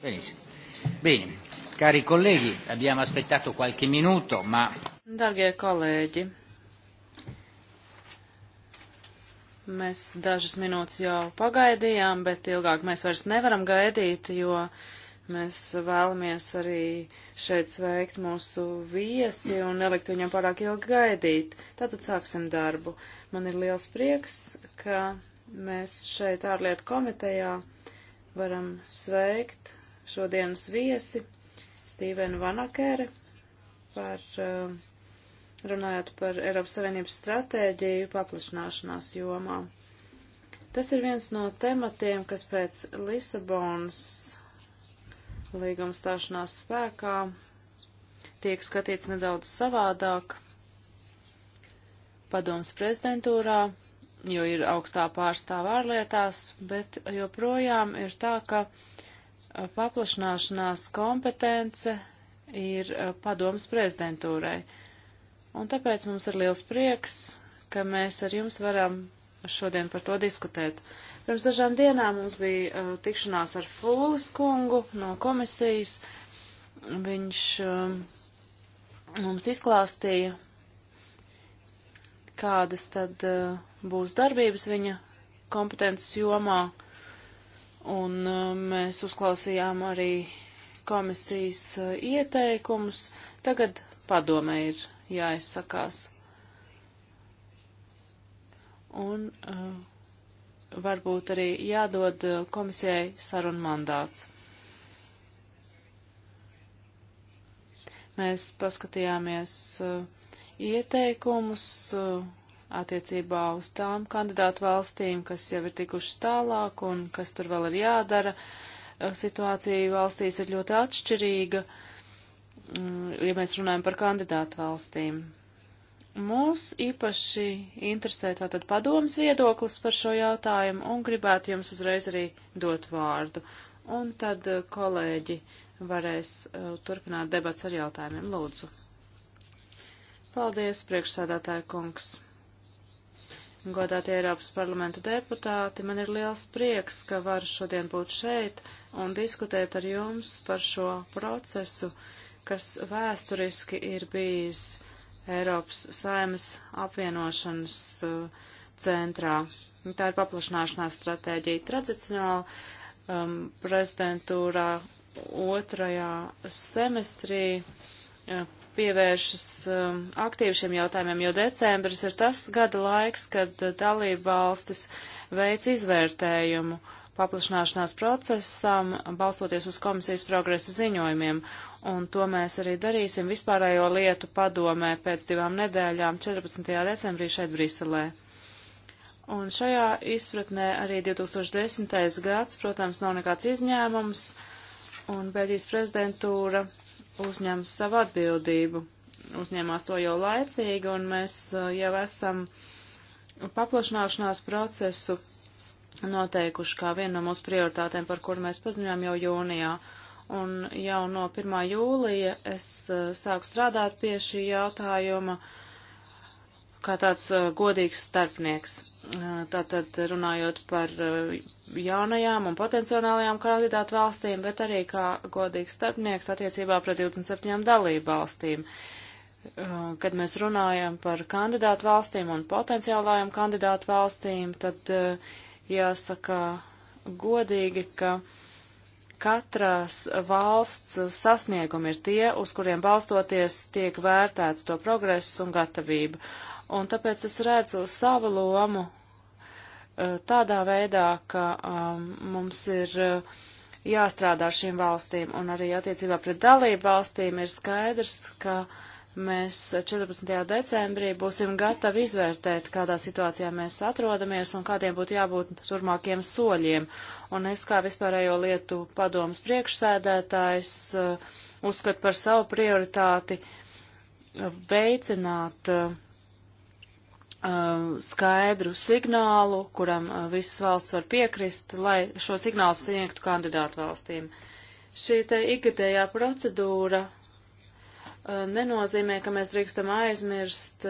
Benissimo. Bene, cari colleghi, abbiamo aspettato qualche minuto, ma... Dargie kolēģi, mēs dažas minūtes jau pagaidījām, bet ilgāk mēs vairs nevaram gaidīt, jo mēs vēlamies arī šeit sveikt mūsu viesi un nelikt viņam pārāk ilgi gaidīt. Tātad sāksim darbu. Man ir liels prieks, ka mēs šeit ārlietu komitejā varam sveikt šodienas viesi, Stīvenu Vanakere, par, eh, runājot par Eiropas Savienības stratēģiju paplašināšanās jomā. Tas ir viens no tematiem, kas pēc Lisabonas līguma stāšanās spēkā tiek skatīts nedaudz savādāk padomas prezidentūrā, jo ir augstā pārstāvā ārlietās, bet joprojām ir tā, ka paplašināšanās kompetence ir eh, padomas prezidentūrai. Un tāpēc mums ir liels prieks, ka mēs ar jums varam šodien par to diskutēt. Pirms dažām dienām mums bija uh, tikšanās ar Fūlis kungu no komisijas. Viņš uh, mums izklāstīja, kādas tad uh, būs darbības viņa kompetences jomā. Uh, un uh, mēs uzklausījām arī komisijas uh, ieteikumus. Tagad padomē ir jāizsakās. Un uh, varbūt arī jādod uh, komisijai sarunu mandāts. Mēs paskatījāmies uh, ieteikumus, uh, attiecībā uz tām kandidātu valstīm, kas jau ir tikušas tālāk un kas tur vēl ir jādara. Eh, situācija valstīs ir ļoti atšķirīga, mm, ja mēs runājam par kandidātu valstīm. Mūs īpaši interesē tātad padomas viedoklis par šo jautājumu un gribētu jums uzreiz arī dot vārdu. Un tad eh, kolēģi varēs uh, turpināt debats ar jautājumiem. Lūdzu. Paldies, priekšsādātāja kungs godātie Eiropas parlamenta deputāti. Man ir liels prieks, ka varu šodien būt šeit un diskutēt ar jums par šo procesu, kas vēsturiski ir bijis Eiropas saimas apvienošanas uh, centrā. Tā ir paplašanāšanās stratēģija tradicionāli um, prezidentūrā otrajā semestrī uh, pievēršas um, aktīvi šiem jautājumiem, jo decembris ir tas gada laiks, kad uh, dalība valstis veic izvērtējumu paplašanāšanās procesam, balstoties uz komisijas progresa ziņojumiem, un to mēs arī darīsim vispārējo lietu padomē pēc divām nedēļām 14. decembrī šeit Briselē. Un šajā izpratnē arī 2010. gads, protams, nav nekāds izņēmums, un Beļģijas prezidentūra uzņems savu atbildību. Uzņēmās to jau laicīgi, un mēs uh, jau esam paplašināšanās procesu noteikuši kā vienu no mūsu prioritātēm, par kuru mēs paziņojām jau jūnijā. Un jau no 1. jūlija es uh, sāku strādāt pie šī jautājuma kā tāds uh, godīgs starpnieks tātad runājot par eh, jaunajām un potenciālajām kandidātu valstīm, bet arī kā godīgs starpnieks attiecībā pret 27 dalību valstīm. Eh, Kad mēs runājam par kandidātu valstīm un potenciālajām kandidātu valstīm, tad eh, jāsaka godīgi, ka katras valsts sasniegumi ir tie, uz kuriem balstoties tiek vērtēts to progress un gatavība. Un tāpēc es redzu savu lomu Eh, tādā veidā, ka um, mums ir eh, jāstrādā ar šīm valstīm, un arī attiecībā pret dalību valstīm ir skaidrs, ka mēs 14. decembrī būsim gatavi izvērtēt, kādā situācijā mēs atrodamies un kādiem būtu jābūt turmākiem soļiem. Un es kā vispārējo lietu padomas priekšsēdētājs eh, uzskatu par savu prioritāti veicināt uh, Uh, skaidru signālu, kuram uh, visas valsts var piekrist, lai šo signālu sniegtu kandidātu valstīm. Šī te ikgadējā procedūra uh, nenozīmē, ka mēs drīkstam aizmirst,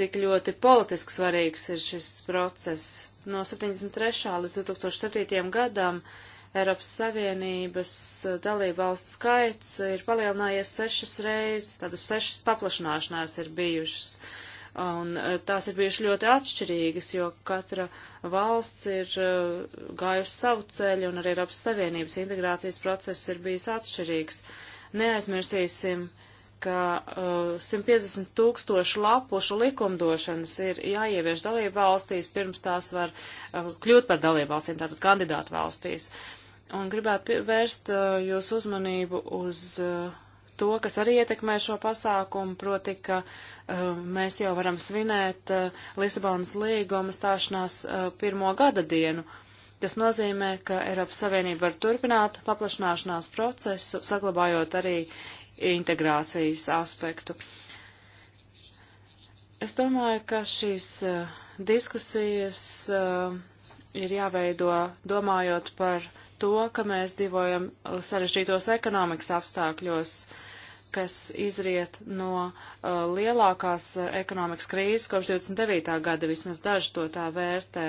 cik ļoti politiski svarīgs ir šis process. No 73. līdz 2007. gadam Eiropas Savienības dalībvalstu skaits ir palielinājies sešas reizes, tādas sešas paplašanāšanās ir bijušas. Uh, Un eh, tās ir bijušas ļoti atšķirīgas, jo katra valsts ir eh, gājusi savu ceļu un arī Eiropas Savienības integrācijas process ir bijis atšķirīgs. Neaizmirsīsim, ka uh, eh, 150 tūkstošu lapušu likumdošanas ir jāievieš dalību valstīs, pirms tās var uh, kļūt par dalību valstīm, tātad kandidātu valstīs. Un gribētu vērst uh, jūsu uzmanību uz uh, to, kas arī ietekmē šo pasākumu, proti, ka uh, mēs jau varam svinēt uh, Lisabonas līguma stāšanās uh, pirmo gada dienu. Tas nozīmē, ka Eiropas Savienība var turpināt paplašanāšanās procesu, saglabājot arī integrācijas aspektu. Es domāju, ka šīs diskusijas ir jāveido domājot par to, ka mēs dzīvojam sarežģītos ekonomikas apstākļos. Uh, kas izriet no uh, lielākās uh, ekonomikas krīzes kopš 29. gada, vismaz daži to tā vērtē,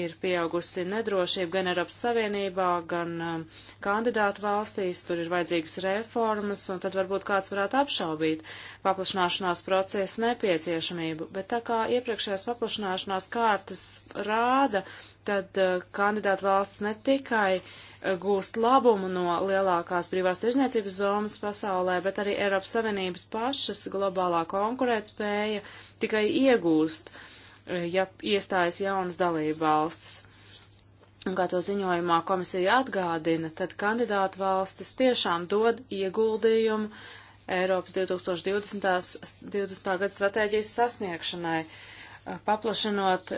ir pieaugusi nedrošība gan Eiropas Savienībā, gan um, kandidātu valstīs, tur ir vajadzīgas reformas, un tad varbūt kāds varētu apšaubīt paplašanāšanās procesa nepieciešamību. Bet tā kā iepriekšējās paplašanāšanās kārtas rāda, tad uh, kandidātu valsts ne tikai uh, gūst labumu no lielākās brīvās tirzniecības zonas pasaulē, bet arī Eiropas Savienības pašas globālā konkurētspēja tikai iegūst, eh, ja iestājas jaunas dalība valstis. Un kā to ziņojumā komisija atgādina, tad kandidātu valstis tiešām dod ieguldījumu Eiropas 2020. 20. gada stratēģijas sasniegšanai. Uh, paplašinot e,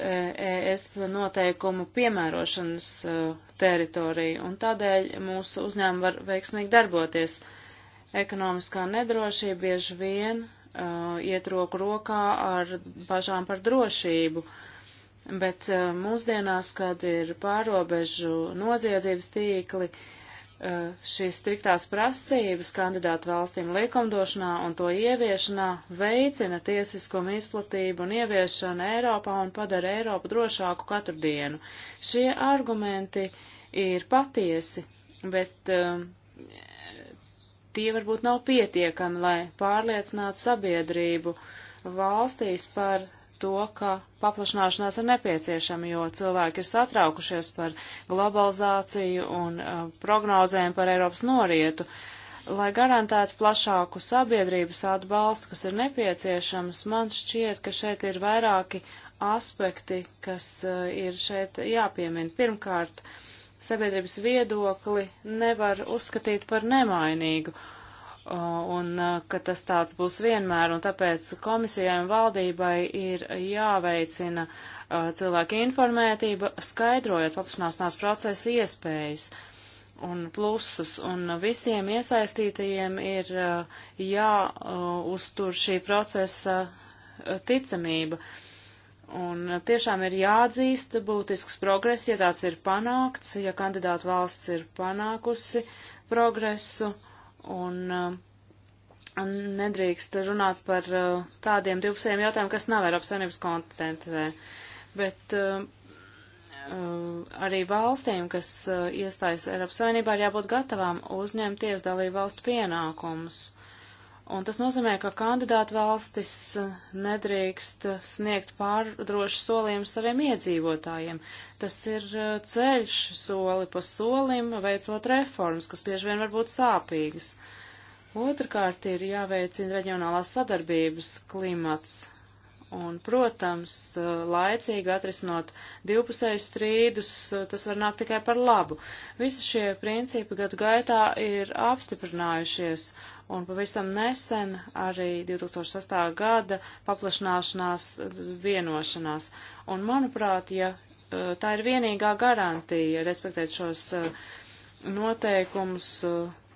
ES noteikumu piemērošanas e, teritoriju, un tādēļ mūsu uzņēmumi var veiksmīgi darboties. Ekonomiskā nedrošība bieži vien uh, iet roku rokā ar bažām par drošību, bet uh, mūsdienās, kad ir pārobežu noziedzības tīkli, uh, Eh, šīs striktās prasības kandidātu valstīm likumdošanā un to ieviešanā veicina tiesiskumu izplatību un ieviešanu Eiropā un padara Eiropu drošāku katru dienu. Šie argumenti ir patiesi, bet um, tie varbūt nav pietiekami, lai pārliecinātu sabiedrību valstīs par to, ka paplašanāšanās ir nepieciešama, jo cilvēki ir satraukušies par globalizāciju un uh, prognozēm par Eiropas norietu. Lai garantētu plašāku sabiedrības atbalstu, kas ir nepieciešams, man šķiet, ka šeit ir vairāki aspekti, kas uh, ir šeit jāpiemina. Pirmkārt, sabiedrības viedokli nevar uzskatīt par nemainīgu. Uh, Uh, un uh, ka tas tāds būs vienmēr, un tāpēc komisijai un valdībai ir jāveicina uh, cilvēku informētība, skaidrojot paplašanāsnās procesa iespējas un plusus, un visiem iesaistītajiem ir jāuztur šī procesa ticamība. Un tiešām ir jāatzīst būtisks progress, ja tāds ir panākts, ja kandidāta valsts ir panākusi progresu. Uh, Uh, un nedrīkst runāt par uh, tādiem divpusējiem jautājumiem, kas nav Eiropas Savienības kompetencē. Bet uh, arī valstīm, kas iestājas Eiropas Savienībā, ir jābūt gatavām uzņemties dalību valstu pienākumus. Uh, Un tas nozīmē, ka kandidātu valstis eh, nedrīkst eh, sniegt pārdrošu solījumu saviem iedzīvotājiem. Tas ir eh, ceļš soli pa solim, veicot reformas, kas bieži vien var būt sāpīgas. Otrakārt ir jāveicina reģionālās sadarbības klimats. Un, protams, laicīgi atrisinot divpusējus strīdus, tas var nākt tikai par labu. Visi šie principi gadu gaitā ir apstiprinājušies Un pavisam nesen arī 2008. gada paplašanāšanās vienošanās. Un manuprāt, ja eh, tā ir vienīgā garantija respektēt šos eh, noteikumus, eh,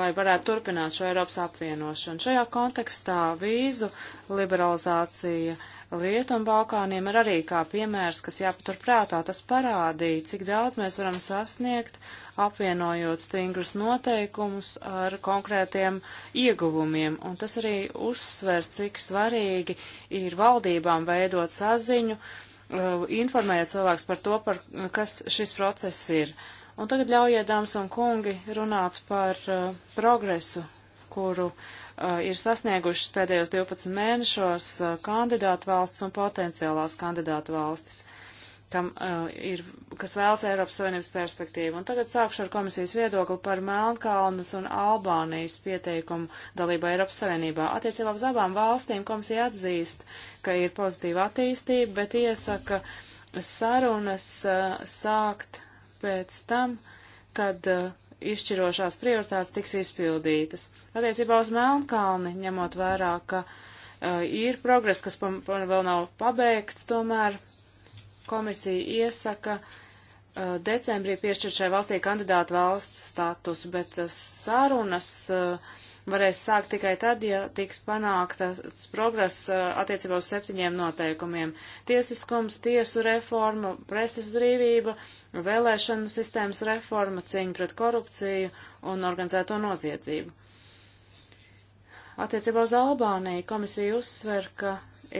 lai varētu turpināt šo Eiropas apvienošanu. Šajā kontekstā vīzu liberalizācija uh, Rietumbalkāniem ir arī kā piemērs, kas jāpatur prātā. Tas parādīja, cik daudz mēs varam sasniegt, apvienojot stingrus noteikumus ar konkrētiem ieguvumiem. Un tas arī uzsver, cik svarīgi ir valdībām veidot saziņu, uh, informējot cilvēks par to, par kas šis process ir. Un tagad ļaujiet, dāmas un kungi, runāt par uh, progresu, kuru uh, Uh, ir sasniegušas pēdējos 12 mēnešos uh, kandidātu valsts un potenciālās kandidātu valstis, kam, uh, ir, kas vēlas Eiropas Savienības perspektīvu. Un tagad sākšu ar komisijas viedokli par Melnkalnas un Albānijas pieteikumu dalību Eiropas Savienībā. Attiecībā uz abām valstīm komisija atzīst, ka ir pozitīva attīstība, bet iesaka sarunas sākt pēc tam, kad uh, izšķirošās prioritātes tiks izpildītas. Attiecībā uz Melnkalni, ņemot vērā, ka uh, ir progress, kas pa, pa, vēl nav pabeigts, tomēr komisija iesaka uh, decembrī piešķirt šai valstī kandidātu valsts status, bet uh, sarunas uh, varēs sākt tikai tad, ja tiks panāktas progress uh, attiecībā uz septiņiem noteikumiem - tiesiskums, tiesu reforma, preses brīvība, vēlēšanu sistēmas reforma, cīņa pret korupciju un organizēto noziedzību. Attiecībā uz Albāniju komisija uzsver, ka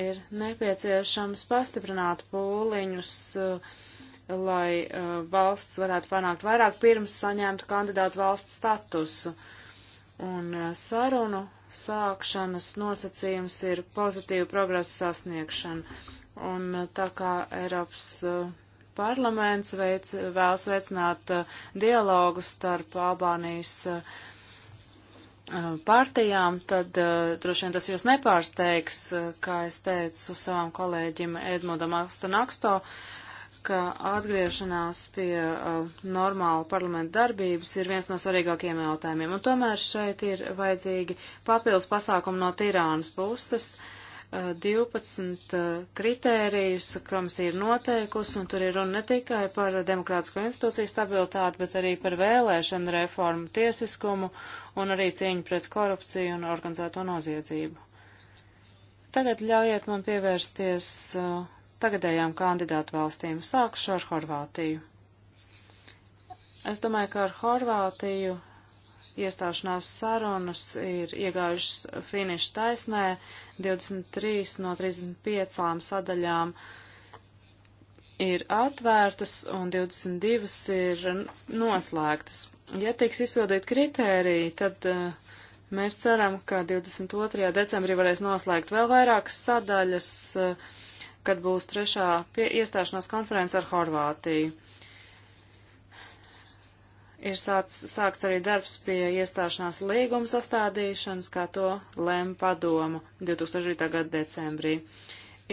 ir nepieciešams pastiprināt pūliņus, uh, lai uh, valsts varētu panākt vairāk pirms saņemtu kandidātu valsts statusu. Uh, un uh, sarunu sākšanas nosacījums ir pozitīva progresa sasniegšana. Un uh, tā kā Eiropas uh, parlaments veic, vēlas veicināt dialogu starp Albānijas partijām, tad droši vien tas jūs nepārsteigs, kā es teicu savām kolēģim Edmundam Astonaksto, Aksto ka atgriešanās pie uh, normāla parlamenta darbības ir viens no svarīgākajiem jautājumiem. Un tomēr šeit ir vajadzīgi papildus pasākumi no Tirānas puses. Uh, 12 uh, kritērijus, kurams ir noteikusi, un tur ir runa ne tikai par demokrātisko institūciju stabilitāti, bet arī par vēlēšanu reformu, tiesiskumu un arī cīņu pret korupciju un organizēto noziedzību. Tagad ļaujiet man pievērsties uh, tagadējām kandidātu valstīm. Sākšu ar Horvātiju. Es domāju, ka ar Horvātiju iestāšanās sarunas ir iegājušas finišu taisnē 23 no 35 sadaļām ir atvērtas un 22 ir noslēgtas. Ja tiks izpildīt kritēriji, tad uh, mēs ceram, ka 22. decembrī varēs noslēgt vēl vairākas sadaļas. Uh, kad būs trešā pie iestāšanās konference ar Horvātiju. Ir sāc, sākts arī darbs pie iestāšanās līguma sastādīšanas, kā to lēma padoma 2009. gada decembrī.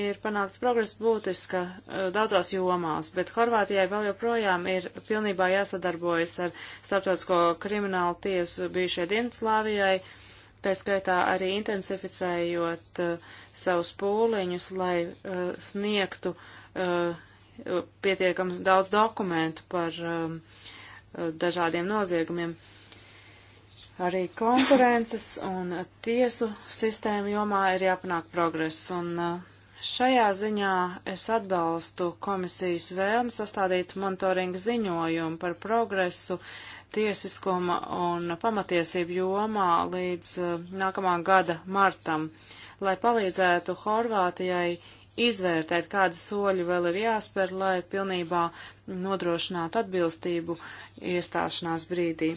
Ir panākts progress būtiska eh, daudzās jomās, bet Horvātijai vēl joprojām ir pilnībā jāsadarbojas ar starptautisko kriminālu tiesu bijušajai Dienaslāvijai, uh, tā skaitā arī intensificējot uh, savus pūliņus, lai uh, sniegtu uh, pietiekams daudz dokumentu par um, uh, dažādiem noziegumiem. Arī konkurences un tiesu sistēmu jomā ir jāpanāk progress, un uh, šajā ziņā es atbalstu komisijas vēlmi sastādīt monitoringa ziņojumu par progresu uh, tiesiskuma un pamatiesību jomā līdz uh, nākamā gada martam, lai palīdzētu Horvātijai izvērtēt, kādi soļi vēl ir jāspēr, lai pilnībā nodrošinātu atbilstību iestāšanās brīdī.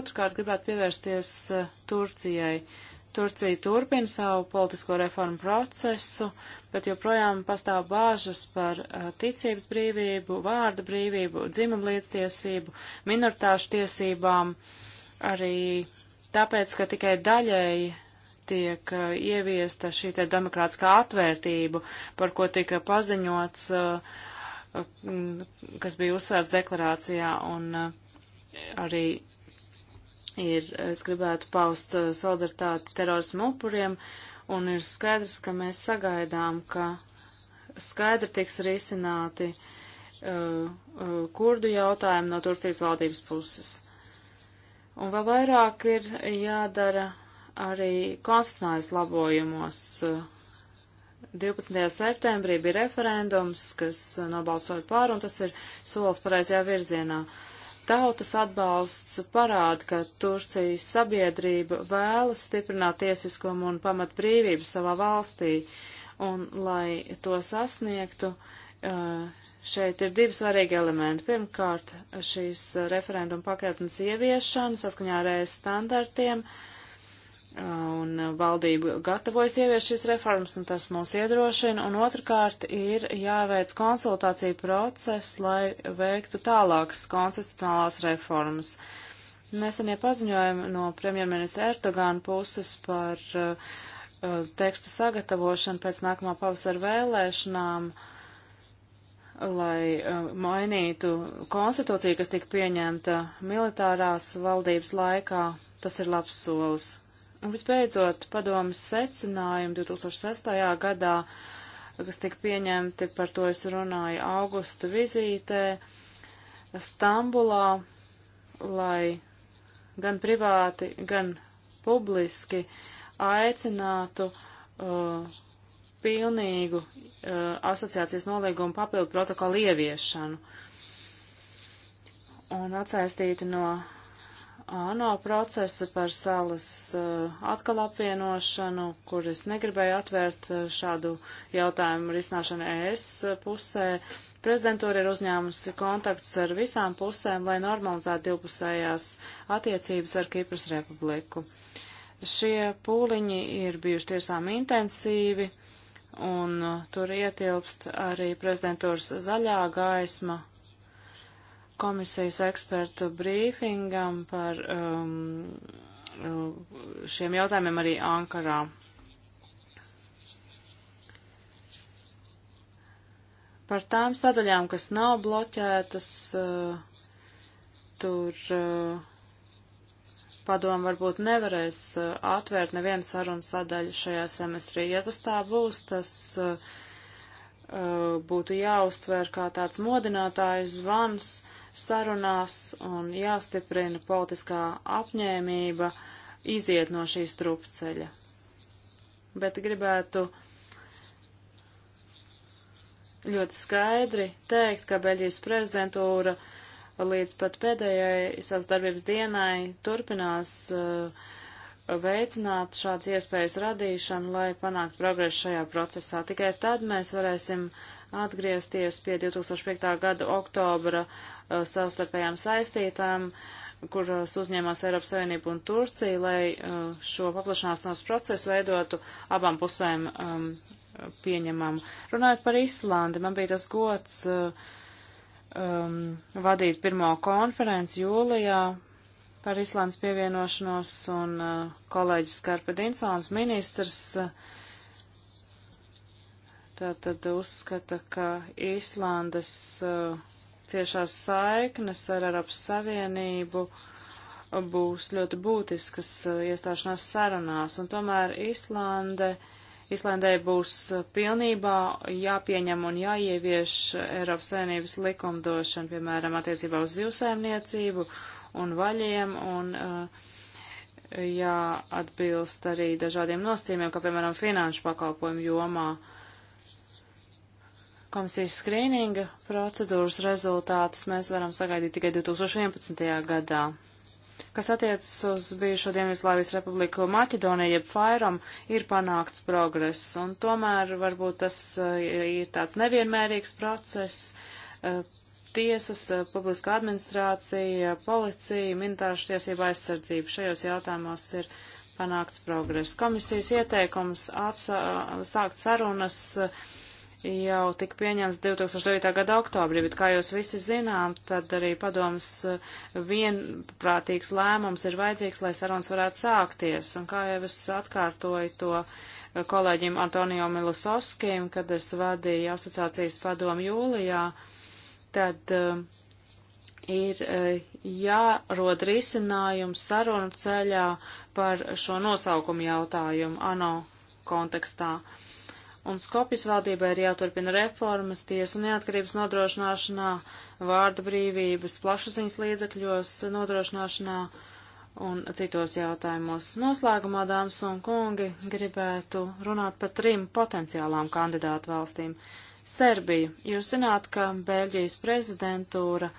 Otrkārt gribētu pievērsties uh, Turcijai. Uh, Turcija turpina savu politisko reformu procesu, bet joprojām pastāv bāžas par eh, ticības brīvību, vārda brīvību, dzimuma līdztiesību, minoritāšu tiesībām, arī tāpēc, ka tikai daļēji tiek eh, ieviesta šī te demokrātiskā atvērtība, par ko tika paziņots, eh, kas bija uzsvērts deklarācijā un arī ir, es gribētu paust eh, solidaritāti terorismu upuriem, un ir skaidrs, ka mēs sagaidām, ka skaidri tiks risināti uh, uh, kurdu jautājumi no Turcijas valdības puses. Un vēl vairāk ir jādara arī konstitucionālais labojumos. Uh, 12. septembrī bija referendums, kas nobalsoja pār, un tas ir solis pareizajā virzienā. Uh, Tautas atbalsts parāda, ka Turcijas sabiedrība vēlas stiprināt tiesiskumu un pamatbrīvību savā valstī, un lai to sasniegtu, eh, šeit ir divi svarīgi elementi. Pirmkārt, šīs referenduma paketnes ieviešana saskaņā ar ES standartiem, uh, un valdība gatavojas ievies šīs reformas, un tas mūs iedrošina, un otrkārt ir jāveic konsultācija process, lai veiktu tālākas konstitucionālās reformas. Nesenie paziņojumi no premjerministra Erdogāna puses par uh, uh, teksta sagatavošanu pēc nākamā pavasara vēlēšanām uh, lai uh, mainītu konstitūciju, kas tika pieņemta militārās valdības laikā, tas ir labs solis. Un visbeidzot, padomas secinājumi 2006. gadā, kas tika pieņemti, par to es runāju augusta vizītē Stambulā, lai gan privāti, gan publiski aicinātu uh, pilnīgu uh, asociācijas nolīgumu papildu protokolu ieviešanu un atsaistīti no ANO procesa par salas eh, atkal apvienošanu, kur es negribēju atvērt eh, šādu jautājumu risināšanu ES eh, pusē. Prezidentūra ir uzņēmusi kontaktus ar visām pusēm, lai normalizētu divpusējās attiecības ar Kipras republiku. Šie pūliņi ir bijuši tiešām intensīvi, un tur ietilpst arī prezidentūras zaļā gaisma komisijas ekspertu brīfingam par um, šiem jautājumiem arī Ankarā. Par tām sadaļām, kas nav bloķētas, uh, tur uh, padomu varbūt nevarēs uh, atvērt nevienu sarunu sadaļu šajā semestrī. Ja tas tā būs, tas uh, uh, būtu jāuztver kā tāds modinātājs zvans sarunās un jāstiprina politiskā apņēmība iziet no šīs trupceļa. Bet gribētu ļoti skaidri teikt, ka Beļģijas prezidentūra līdz pat pēdējai savas darbības dienai turpinās uh, veicināt šādas iespējas radīšanu, lai panāktu progresu šajā procesā. Tikai tad mēs varēsim atgriezties pie 2005. gada oktobra Uh, savstarpējām saistītām, kuras uzņēmās Eiropas Savienība un Turcija, lai uh, šo paplašanāšanos procesu veidotu abām pusēm um, pieņemam. Runājot par Islandi, man bija tas gods uh, um, vadīt pirmo konferenci jūlijā par Islandas pievienošanos, un uh, kolēģis Skarpa Dinsons, ministrs, uh, tātad uzskata, ka Īslandes uh, ciešās saiknes ar Eiropas Savienību būs ļoti būtiskas uh, iestāšanās sarunās, un tomēr Islande, Islandē būs uh, pilnībā jāpieņem un jāievieš Eiropas Savienības likumdošana, piemēram, attiecībā uz zivsēmniecību un vaļiem, un uh, jāatbilst arī dažādiem nostīmiem, kā piemēram finanšu pakalpojumu jomā. Uh, komisijas skrīninga procedūras rezultātus mēs varam sagaidīt tikai 2011. gadā. Kas attiecas uz bijušo Dienvidslāvijas republiku Maķedoniju, jeb Fairam, ir panākts progress, un tomēr varbūt tas eh, ir tāds nevienmērīgs process. Eh, tiesas, eh, publiska administrācija, policija, militāra tiesība aizsardzība šajos jautājumos ir panākts progress. Komisijas ieteikums atsā, sākt sarunas uh, jau tika pieņemts 2009. gada oktobrī, bet kā jūs visi zinām, tad arī padomas eh, vienprātīgs lēmums ir vajadzīgs, lai sarunas varētu sākties. Un kā jau es atkārtoju to eh, kolēģim Antonio Milusovskim, kad es vadīju asociācijas padomu jūlijā, tad eh, ir jārod risinājums sarunu ceļā par šo nosaukumu jautājumu ANO kontekstā. Uh, un Skopjas valdībai ir jāturpina reformas tiesu neatkarības nodrošināšanā, vārda brīvības, plašsaziņas līdzekļos nodrošināšanā un citos jautājumos. Noslēgumā, dāmas un kungi, gribētu runāt par trim potenciālām kandidātu valstīm. Serbiju. Jūs zināt, ka Beļģijas prezidentūra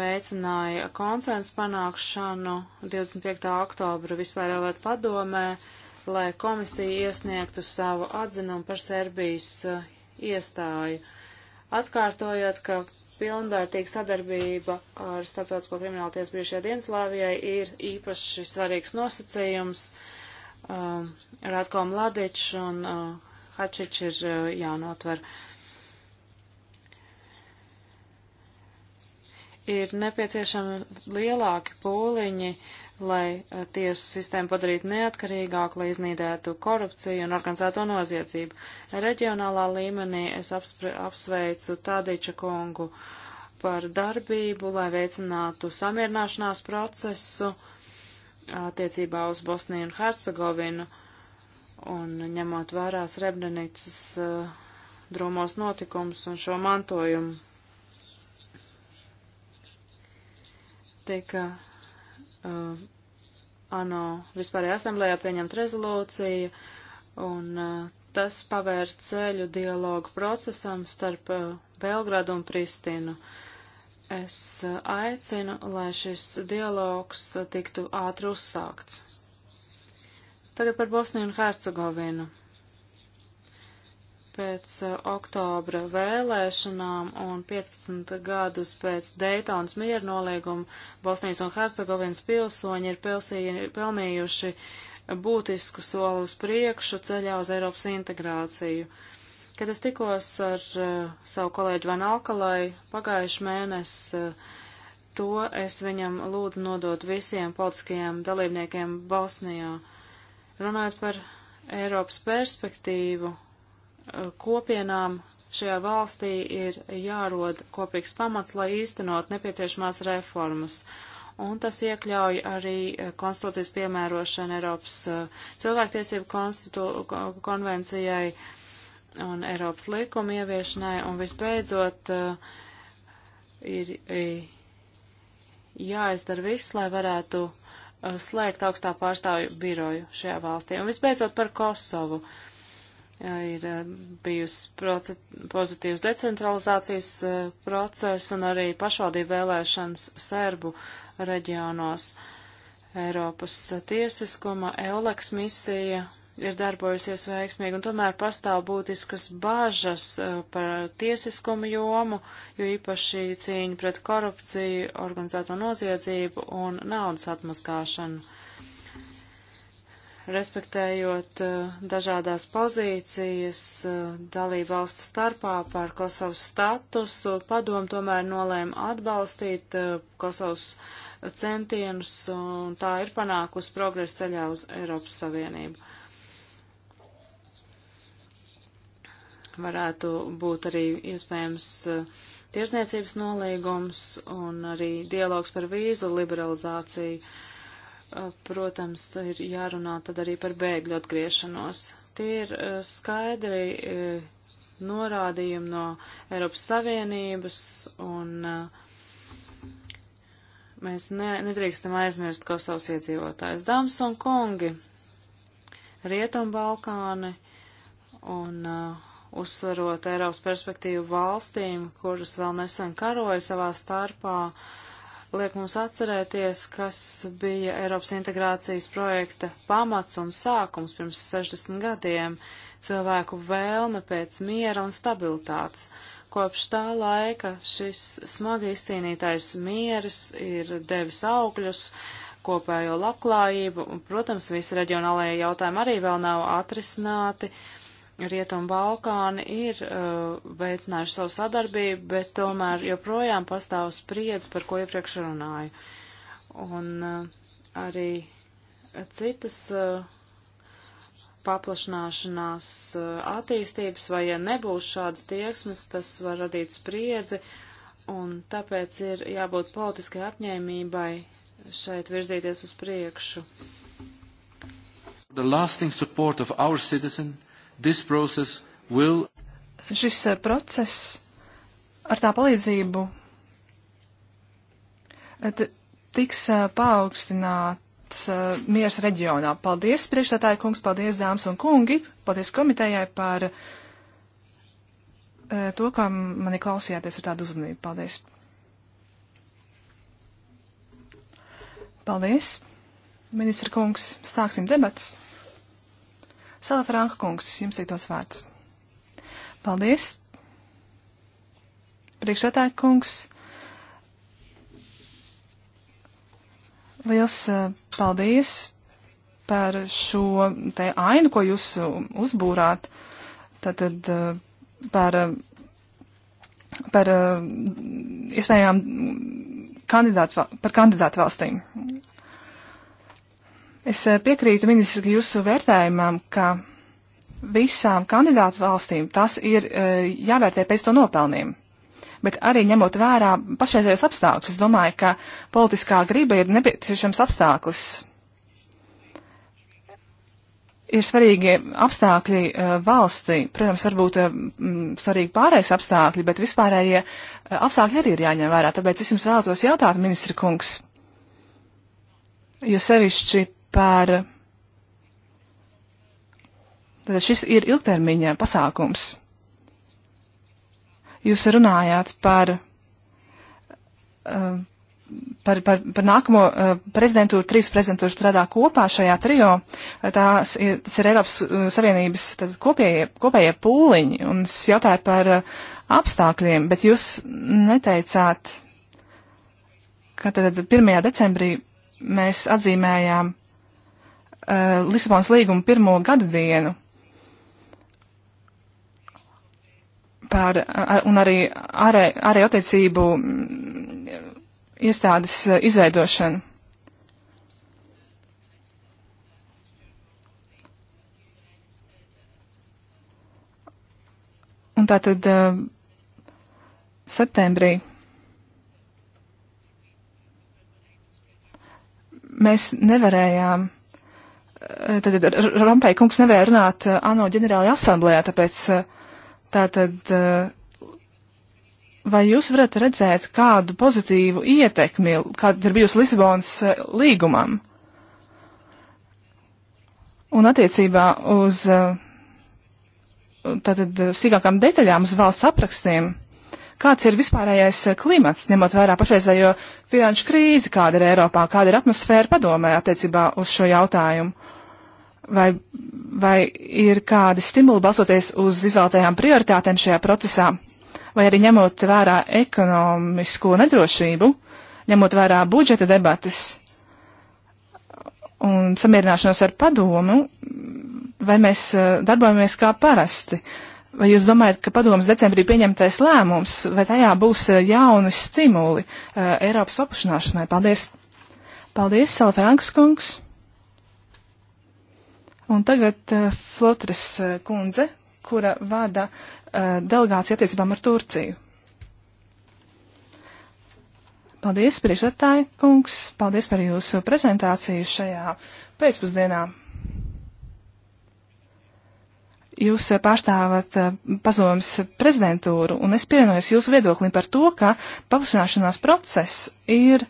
veicināja konsensu panākšanu 25. oktobra vispārēlēt padomē lai komisija iesniegtu savu atzinumu par Serbijas uh, iestāju, atkārtojot, ka pilnvērtīga sadarbība ar Startautisko kriminālu tiesu bijušajā Dienslāvijai ir īpaši svarīgs nosacījums. Um, Ratko Mladičs un uh, Hačič ir uh, jānotver. Uh, ir nepieciešami lielāki pūliņi, lai eh, tiesu sistēmu padarītu neatkarīgāku, lai iznīdētu korupciju un organizēto noziedzību. Reģionālā līmenī es apsveicu Tādīča kungu par darbību, lai veicinātu samierināšanās procesu attiecībā uz Bosniju un Hercegovinu un ņemot vērā Srebrenicas uh, eh, drūmos notikums un šo mantojumu. tika uh, ANO vispārējā asamblējā pieņemta rezolūcija, un uh, tas pavērt ceļu dialogu procesam starp uh, Belgrādu un Pristinu. Es uh, aicinu, lai šis dialogs uh, tiktu ātri uzsākts. Tagad par Bosniju un Hercegovinu pēc uh, oktobra vēlēšanām un 15 gadus pēc Daytonas miera nolieguma Bosnijas un Hercegovinas pilsoņi ir pilsīju, pelnījuši būtisku soli uz priekšu ceļā uz Eiropas integrāciju. Kad es tikos ar uh, savu kolēģi Van Alkalai pagājuši mēnesi, uh, to es viņam lūdzu nodot visiem politiskajiem dalībniekiem Bosnijā. Runājot par Eiropas perspektīvu, kopienām šajā valstī ir jārod kopīgs pamats, lai īstenot nepieciešamās reformas. Un tas iekļauj arī eh, konstitūcijas piemērošanu Eiropas eh, cilvēktiesību konvencijai un Eiropas likuma ieviešanai. Un visbeidzot, eh, ir jāizdara viss, lai varētu slēgt augstā pārstāvju biroju šajā valstī. Un visbeidzot par Kosovu. Uh, ir eh, bijusi pozitīvs decentralizācijas eh, process un arī pašvaldību vēlēšanas Serbu reģionos. Eiropas tiesiskuma Euleks misija ir darbojusies veiksmīgi, un tomēr pastāv būtiskas bažas eh, par tiesiskumu jomu, jo īpaši cīņa pret korupciju, organizēto noziedzību un naudas atmaskāšanu respektējot eh, dažādās pozīcijas eh, dalību valstu starpā par Kosovas statusu, padomu tomēr nolēma atbalstīt eh, Kosovas centienus, un tā ir panākusi progresa ceļā uz Eiropas Savienību. Varētu būt arī iespējams tiesniecības nolīgums un arī dialogs par vīzu liberalizāciju protams, ir jārunā tad arī par bēgļu atgriešanos. Tie ir skaidri e, norādījumi no Eiropas Savienības, un mēs ne, nedrīkstam aizmirst Kosovas iedzīvotājs. Dāmas un kungi, Rietumbalkāni un uh, uzsvarot Eiropas perspektīvu valstīm, kuras vēl nesen karoja savā starpā, uh, liek mums atcerēties, kas bija Eiropas integrācijas projekta pamats un sākums pirms 60 gadiem - cilvēku vēlme pēc miera un stabilitātes. Kopš tā laika šis smagi izcīnītais mieris ir devis augļus, kopējo labklājību, un, protams, visi reģionālajie jautājumi arī vēl nav atrisināti. Uh, Rietumu Balkāni ir uh, veicinājuši savu sadarbību, bet tomēr joprojām pastāv spriedz, par ko iepriekš runāju. Un uh, arī citas uh, paplašanāšanās uh, attīstības, vai ja nebūs šādas tieksmes, tas var radīt spriedzi, un tāpēc ir jābūt politiskai apņēmībai šeit virzīties uz priekšu. The lasting support of our citizen This process will. Šis eh, process ar tā palīdzību eh, tiks eh, paaugstināts miers reģionā. Paldies, priekšstādāja kungs, paldies, dāmas un kungi, paldies komitējai par to, kā mani klausījāties ar tādu uzmanību. Paldies! Paldies! Ministra kungs, sāksim debats! Sala Franka kungs, jums tiek tos vārds. Paldies! Priekšētāja kungs. Liels eh, paldies par šo te ainu, ko jūs eh, uzbūrāt. Tātad eh, par, par iespējām kandidātu, par kandidātu valstīm. Es eh, piekrītu ministrs jūsu vērtējumam, ka visām kandidātu valstīm tas ir eh, jāvērtē pēc to nopelniem. Bet arī ņemot vērā pašreizējos apstākļus, es domāju, ka politiskā griba ir nepieciešams apstākļus. Ir svarīgi apstākļi eh, valstī, protams, varbūt svarīgi pārējais apstākļi, bet vispārējie apstākļi arī ir jāņem vērā. Tāpēc es jums vēlētos jautāt, ministra kungs, jo sevišķi par. Tātad šis ir ilgtermiņa pasākums. Jūs runājāt par, uh, par, par, par nākamo uh, prezidentūru, trīs prezidentūru strādā kopā šajā trio. Tās ir, tas ir Eiropas uh, Savienības kopējie, kopējie pūliņi, un es jautāju par apstākļiem, bet jūs neteicāt, ka tad 1. decembrī mēs atzīmējām uh, Lisabonas līguma pirmo gada dienu. Par, ar, eh, un arī ārēju arē attiecību mm, iestādes eh, izveidošanu. Un tā tad uh, septembrī mēs nevarējām Eh, tad Rampēja kungs nevarēja runāt eh, ANO ģenerālajā asamblējā, tāpēc eh, tātad vai jūs varat redzēt kādu pozitīvu ietekmi, kāda ir bijusi Lisabonas līgumam? Un attiecībā uz tātad sīkākām detaļām uz valsts aprakstiem kāds ir vispārējais eh, klimats, ņemot vērā pašreizējo finanšu krīzi, kāda ir Eiropā, kāda ir atmosfēra padomē attiecībā uz šo jautājumu. Vai, vai ir kādi stimuli balsoties uz izvēlētajām prioritātēm šajā procesā, vai arī ņemot vērā ekonomisko nedrošību, ņemot vērā budžeta debatas un samierināšanos ar padomu, vai mēs eh, darbojamies kā parasti. Uh, Vai jūs domājat, ka padomas decembrī pieņemtais lēmums, vai tajā būs eh, jauni stimuli uh, Eiropas paplašanāšanai? Paldies! Paldies, Salafrānkas kungs! Un tagad uh, Flotras uh, kundze, kura vada uh, delegāciju attiecībām ar Turciju. Paldies, priekšētāji kungs! Paldies par jūsu prezentāciju šajā pēcpusdienā! Jūs eh, pārstāvat eh, pazomas prezidentūru, un es pievienojos jūsu viedoklim par to, ka pavasināšanās process ir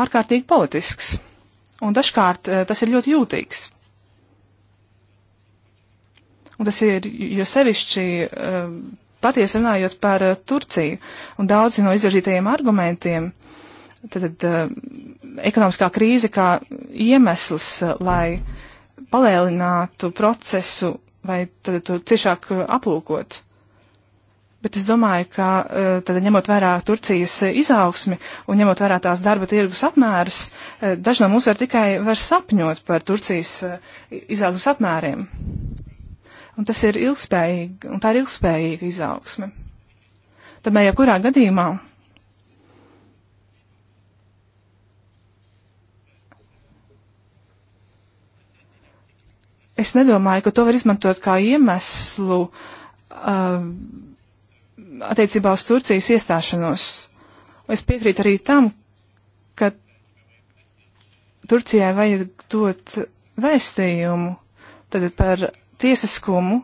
ārkārtīgi politisks, un dažkārt eh, tas ir ļoti jūtīgs. Un tas ir jo sevišķi patiesi runājot par Turciju, un daudzi no izražītajiem argumentiem tad, tad ekonomiskā krīze kā iemesls, lai palielinātu procesu vai tad to ciešāk uh, aplūkot. Bet es domāju, ka uh, tad ņemot vērā Turcijas izaugsmi un ņemot vērā tās darba tirgus apmērus, uh, daži no mums var tikai var sapņot par Turcijas izaugsmas apmēriem. Un tas ir ilgspējīgi, un tā ir ilgspējīga izaugsme. Tomēr, ja kurā gadījumā Es nedomāju, ka to var izmantot kā iemeslu uh, attiecībā uz Turcijas iestāšanos. Es piekrītu arī tam, ka Turcijai vajag dot vēstījumu tad par tiesiskumu,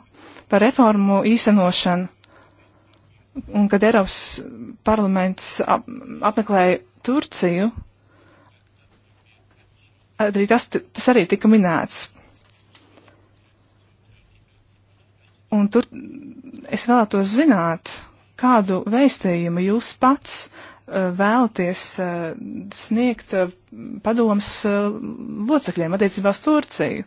par reformu īstenošanu, un kad Eiropas parlaments ap, apmeklēja Turciju, arī tas, tas arī tika minēts. Un tur es vēlētos zināt, kādu vēstījumu jūs pats uh, eh, vēlaties uh, eh, sniegt uh, eh, padoms locekļiem attiecībā uz Turciju.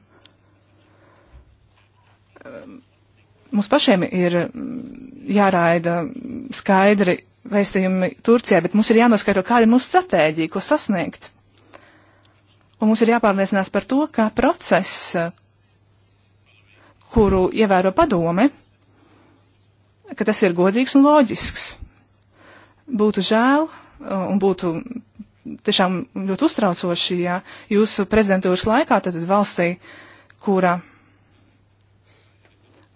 Mums pašiem ir mm, jāraida skaidri vēstījumi Turcijai, bet mums ir jānoskaidro, kāda ir mūsu stratēģija, ko sasniegt. Un mums ir jāpārliecinās par to, ka process, kuru ievēro padome, ka tas ir godīgs un loģisks. Būtu žēl uh, un būtu tiešām ļoti uztraucoši, ja jūsu prezidentūras laikā tad valstī, kura,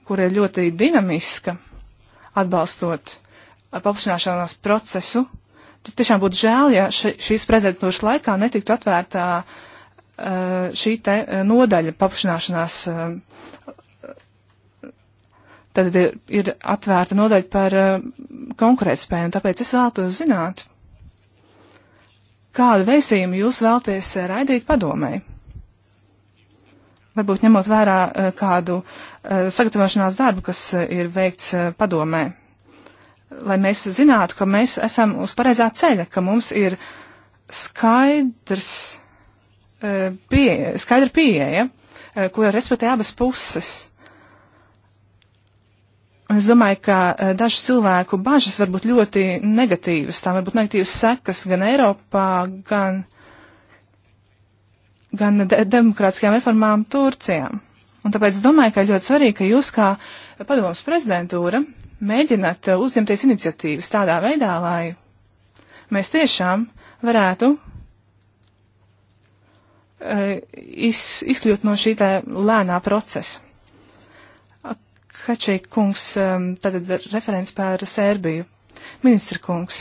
kura ir ļoti dinamiska, atbalstot paplašināšanās procesu, tas tiešām būtu žēl, ja še, šīs prezidentūras laikā netiktu atvērtā uh, šī te uh, nodaļa paplašināšanās tad ir, ir atvērta nodaļa par uh, konkurētspēju, un tāpēc es vēlētos zināt, kādu vēstījumu jūs vēlties uh, raidīt padomēji. Varbūt ņemot vērā uh, kādu sagatavošanās darbu, kas ir veikts padomē, lai mēs zinātu, ka mēs esam uz pareizā ceļa, ka mums ir skaidrs, pie, skaidra pieeja, kura respektē abas puses Es domāju, ka eh, dažu cilvēku bažas var būt ļoti negatīvas. Tām var būt negatīvas sekas gan Eiropā, gan, gan de demokrātiskajām reformām Turcijā. Un tāpēc es domāju, ka ļoti svarīgi, ka jūs kā padomas prezidentūra mēģināt eh, uzņemties iniciatīvas tādā veidā, lai mēs tiešām varētu eh, iz, izkļūt no šī tā lēnā procesa. Hačī kungs, tātad um, referents pār Sērbiju. Ministra kungs,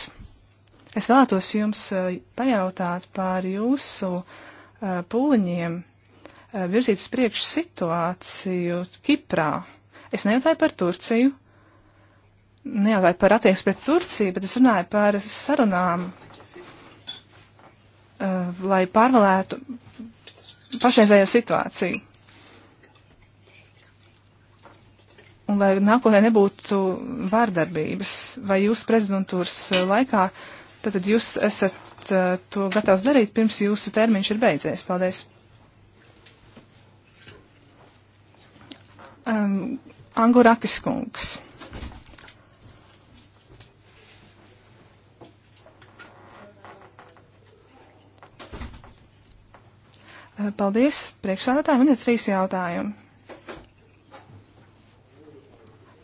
es vēlētos jums uh, pajautāt pār jūsu uh, pūliņiem uh, virzīt uz priekšu situāciju Kiprā. Es nejautāju par Turciju, nejautāju par attieksmi pret Turciju, bet es runāju par sarunām, uh, lai pārvalētu pašreizējo situāciju. un lai nākotnē nebūtu vārdarbības. Vai jūs prezidentūras eh, laikā, tad, tad jūs esat uh, to gatavs darīt, pirms jūsu termiņš ir beidzies? Paldies! Um, Angurakis kungs. Eh, paldies, priekšsādātāji, man ir trīs jautājumi.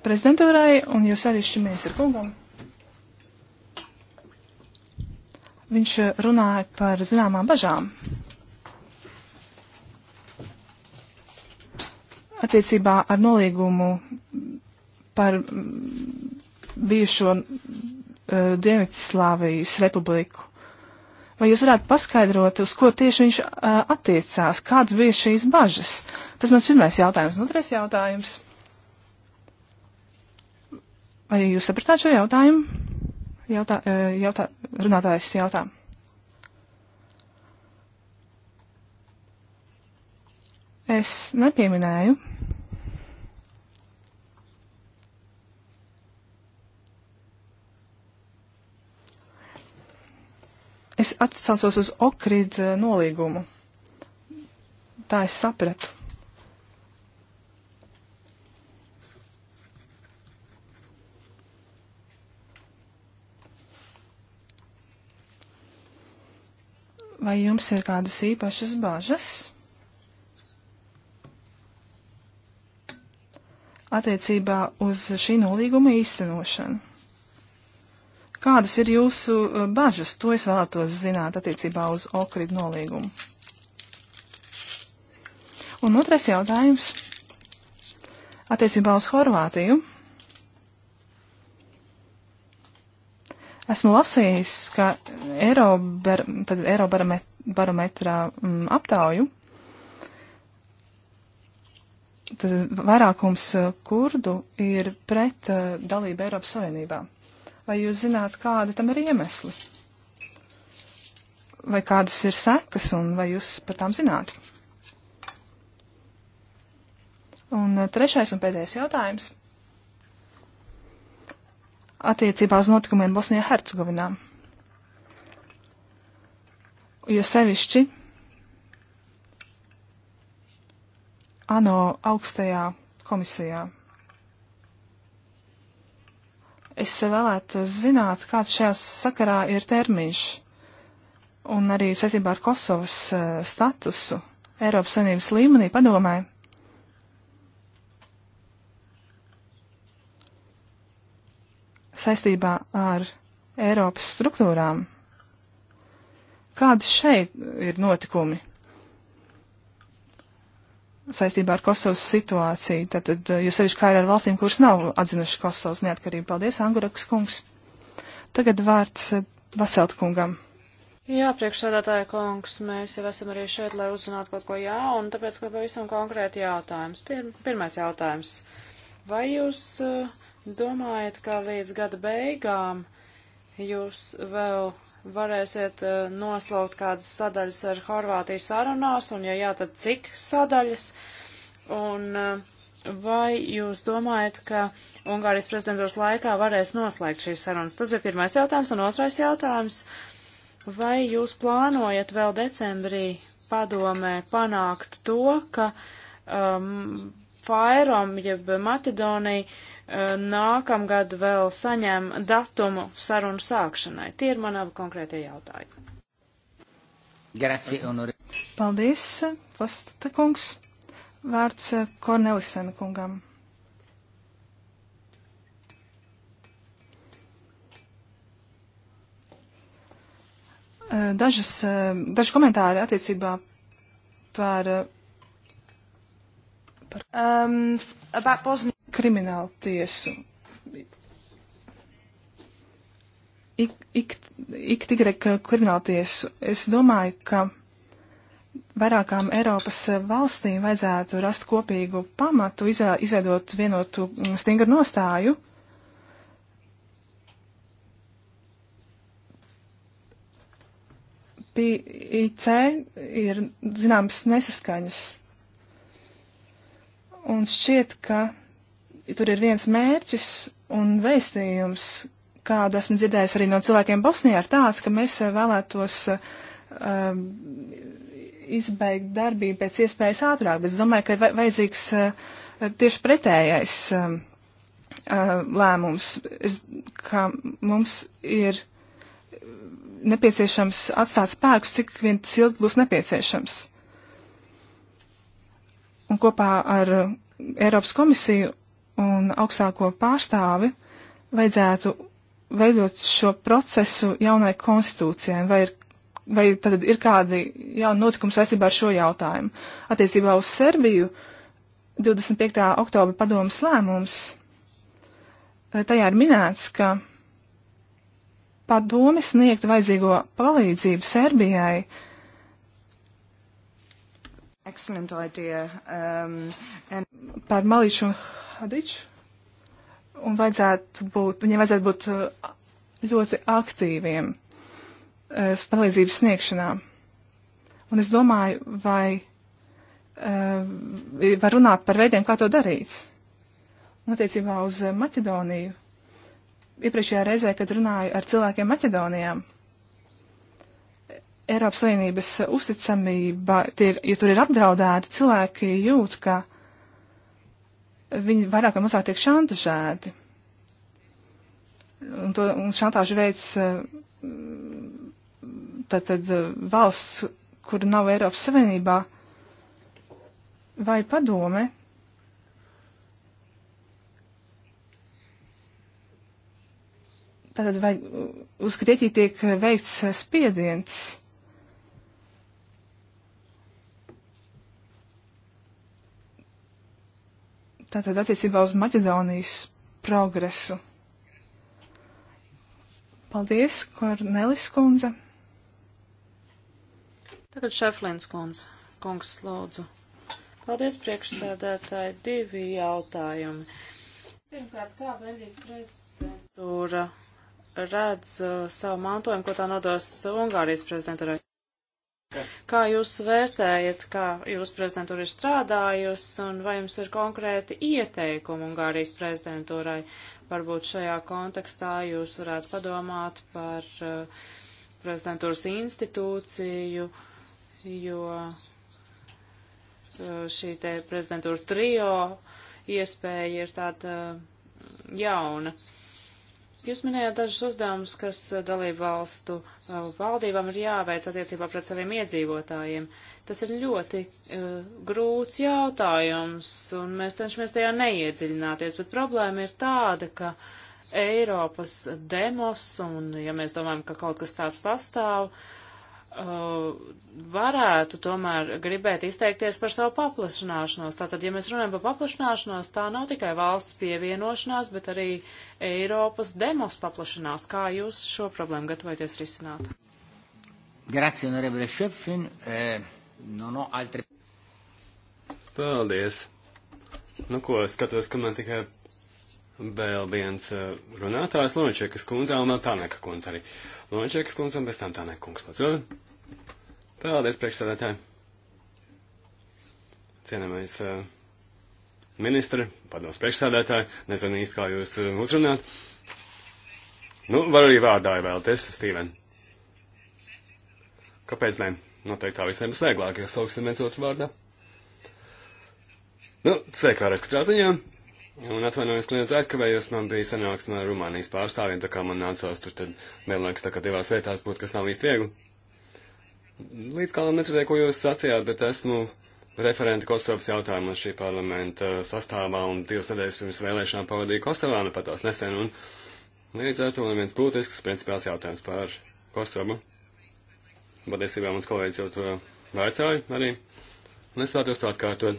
prezidentūrai, un jūs arī šķimies ar kungam. Viņš runāja par zināmām bažām. Attiecībā ar nolīgumu par bijušo uh, Dienvidslāvijas republiku. Vai jūs varētu paskaidrot, uz ko tieši viņš uh, attiecās, kādas bija šīs bažas? Tas mans pirmais jautājums. Un otrais jautājums Vai jūs sapratāt šo jautājumu? Jautā, e, jautā, runātājs jautā. Es nepieminēju. Es atsaucos uz Okrid nolīgumu. Tā es sapratu. vai jums ir kādas īpašas bažas? attiecībā uz šī nolīguma īstenošanu. Kādas ir jūsu uh, bažas? To es vēlētos zināt attiecībā uz Okrid nolīgumu. Un otrais jautājums attiecībā uz Horvātiju. Esmu lasījis, ka Eirobar, Eirobarometrā m, mm, aptauju tad vairākums eh, kurdu ir pret uh, dalību Eiropas Savienībā. Vai jūs zināt, kādi tam ir iemesli? Vai kādas ir sekas un vai jūs par tām zināt? Un uh, trešais un pēdējais jautājums attiecībā uz notikumiem Bosnijā Hercegovinā. Jo sevišķi ANO augstajā komisijā. Es vēlētu zināt, kāds šajā sakarā ir termiņš un arī saistībā ar Kosovas uh, statusu Eiropas Savienības līmenī padomē. saistībā ar Eiropas struktūrām. Kādi šeit ir notikumi saistībā ar Kosovas situāciju? Tātad eh, jūs sevišķi kā ir ar valstīm, kuras nav atzinušas Kosovas neatkarību. Paldies, Anguraks kungs. Tagad vārds eh, Vaselt kungam. Jā, priekšsēdētāja kungs, mēs jau esam arī šeit, lai uzzinātu kaut ko jaunu, tāpēc, ka pavisam konkrēti jautājums. Pir pirmais jautājums. Vai jūs uh, domājat, ka līdz gada beigām jūs vēl varēsiet eh, noslaukt kādas sadaļas ar Horvātiju sarunās, un ja jā, tad cik sadaļas? Un eh, vai jūs domājat, ka Ungārijas prezidentūras laikā varēs noslēgt šīs sarunas? Tas bija pirmais jautājums, un otrais jautājums. Vai jūs plānojat vēl decembrī padomē panākt to, ka um, Fairom, jeb Matedonija, nākamgad vēl saņem datumu sarunu sākšanai. Tie ir man abi konkrētie jautājumi. Grazie, Onore. Paldies, Postata kungs. Vārds eh, Kornelisena kungam. Eh, dažas, eh, daži komentāri attiecībā par. par um, kriminālu tiesu. Ik, ik, ik tigre eh, kriminālu tiesu. Es domāju, ka vairākām Eiropas eh, valstīm vajadzētu rast kopīgu pamatu, izveidot vienotu mm, stingru nostāju. IC ir zināmas nesaskaņas. Un šķiet, ka tur ir viens mērķis un vēstījums, kādu esmu dzirdējis arī no cilvēkiem Bosnijā, ir tāds, ka mēs eh, vēlētos uh, izbeigt darbību pēc iespējas ātrāk, bet es domāju, ka ir vajadzīgs uh, tieši pretējais uh, lēmums, es, ka mums ir nepieciešams atstāt spēkus, cik vien tas ilgi būs nepieciešams. Un kopā ar Eiropas komisiju un augstāko pārstāvi vajadzētu veidot šo procesu jaunai konstitūcijai, vai, ir, vai tad ir kādi jauni notikumi saistībā ar šo jautājumu. Attiecībā uz Serbiju 25. oktobra padomas lēmums, eh, tajā ir minēts, ka padome sniegt vajadzīgo palīdzību Serbijai. Excellent idea. Um, and... Par Malīšu un Hadičs, un vajadzētu būt, viņiem vajadzētu būt uh, ļoti aktīviem uh, palīdzības sniegšanā. Un es domāju, vai uh, var runāt par veidiem, kā to darīt. Un attiecībā uz Maķedoniju. Iepriekšējā reizē, kad runāju ar cilvēkiem Maķedonijām, Eiropas Savienības uzticamība, tie, ja tur ir apdraudēti, cilvēki jūt, ka uh, viņi vairāk vai mazāk tiek šantažēti. Un, to, un šantāžu veids tātad eh, eh, valsts, kur nav Eiropas Savienībā, vai padome. Tātad vai uz Grieķiju tiek veikts spiediens. Tātad attiecībā uz Maķedonijas progresu. Paldies, Kornelis kundze. Tagad Šeflins kundze. Kungs, lūdzu. Paldies, priekšsēdētāji. Divi jautājumi. Pirmkārt, kā Beļģijas prezidentūra redz uh, savu mantojumu, ko tā nodos Ungārijas prezidentūrai? Kā jūs vērtējat, kā jūsu prezidentūra ir strādājusi un vai jums ir konkrēti ieteikumi Ungārijas prezidentūrai? Varbūt šajā kontekstā jūs varētu padomāt par uh, prezidentūras institūciju, jo uh, šī te prezidentūra trio iespēja ir tāda uh, jauna. Uh, Jūs minējāt dažus uzdevumus, kas eh, dalību valstu eh, valdībām ir jāveic attiecībā pret saviem iedzīvotājiem. Tas ir ļoti uh, grūts jautājums, un mēs cenšamies tajā neiedziļināties, bet problēma ir tāda, ka Eiropas demos, un ja mēs domājam, ka kaut kas tāds pastāv, uh, Uh, varētu tomēr gribēt izteikties par savu paplašināšanos. Tātad, ja mēs runājam par paplašināšanos, tā nav tikai valsts pievienošanās, bet arī Eiropas demos paplašanās. Kā jūs šo problēmu gatavojaties risināt? Grazie, onorevole Šefin. Eh, no, no, altre... Paldies. Nu, ko, skatos, ka man tikai vēl viens eh, runātājs, Lunčekas kundze, un vēl Taneka kundze arī. Lunčekas kundze un bez tam Taneka kungs. Lūdzu. Paldies, priekšsēdētāji. Cienamais uh, eh, ministri, padoms priekšsēdētāji, nezinu īsti, kā jūs uh, uzrunāt. Nu, var arī vārdā vēlties, Stīven. Kāpēc ne? Noteikti tā visiem būs vieglāk, ja sauksim viens otru vārdā. Nu, sveikārais katrā ziņā. Un atvainojos, ka nedaudz aizkavējos, man bija sanāksme ar Rumānijas pārstāvjiem, tā kā man nācās tur tad, vienlaikus tā kā divās vietās būt, kas nav īsti viegli līdz galam nedzirdēju, ko jūs sacījāt, bet esmu referenta Kosovas jautājumos šī parlamenta sastāvā un divas nedēļas pirms vēlēšanām pavadīju Kosovā, nu pat tās nesen, un līdz ar to man viens būtisks principāls jautājums par Kosovu. Patiesībā mans kolēģis jau to vaicāja arī, un es vēlētos to atkārtot.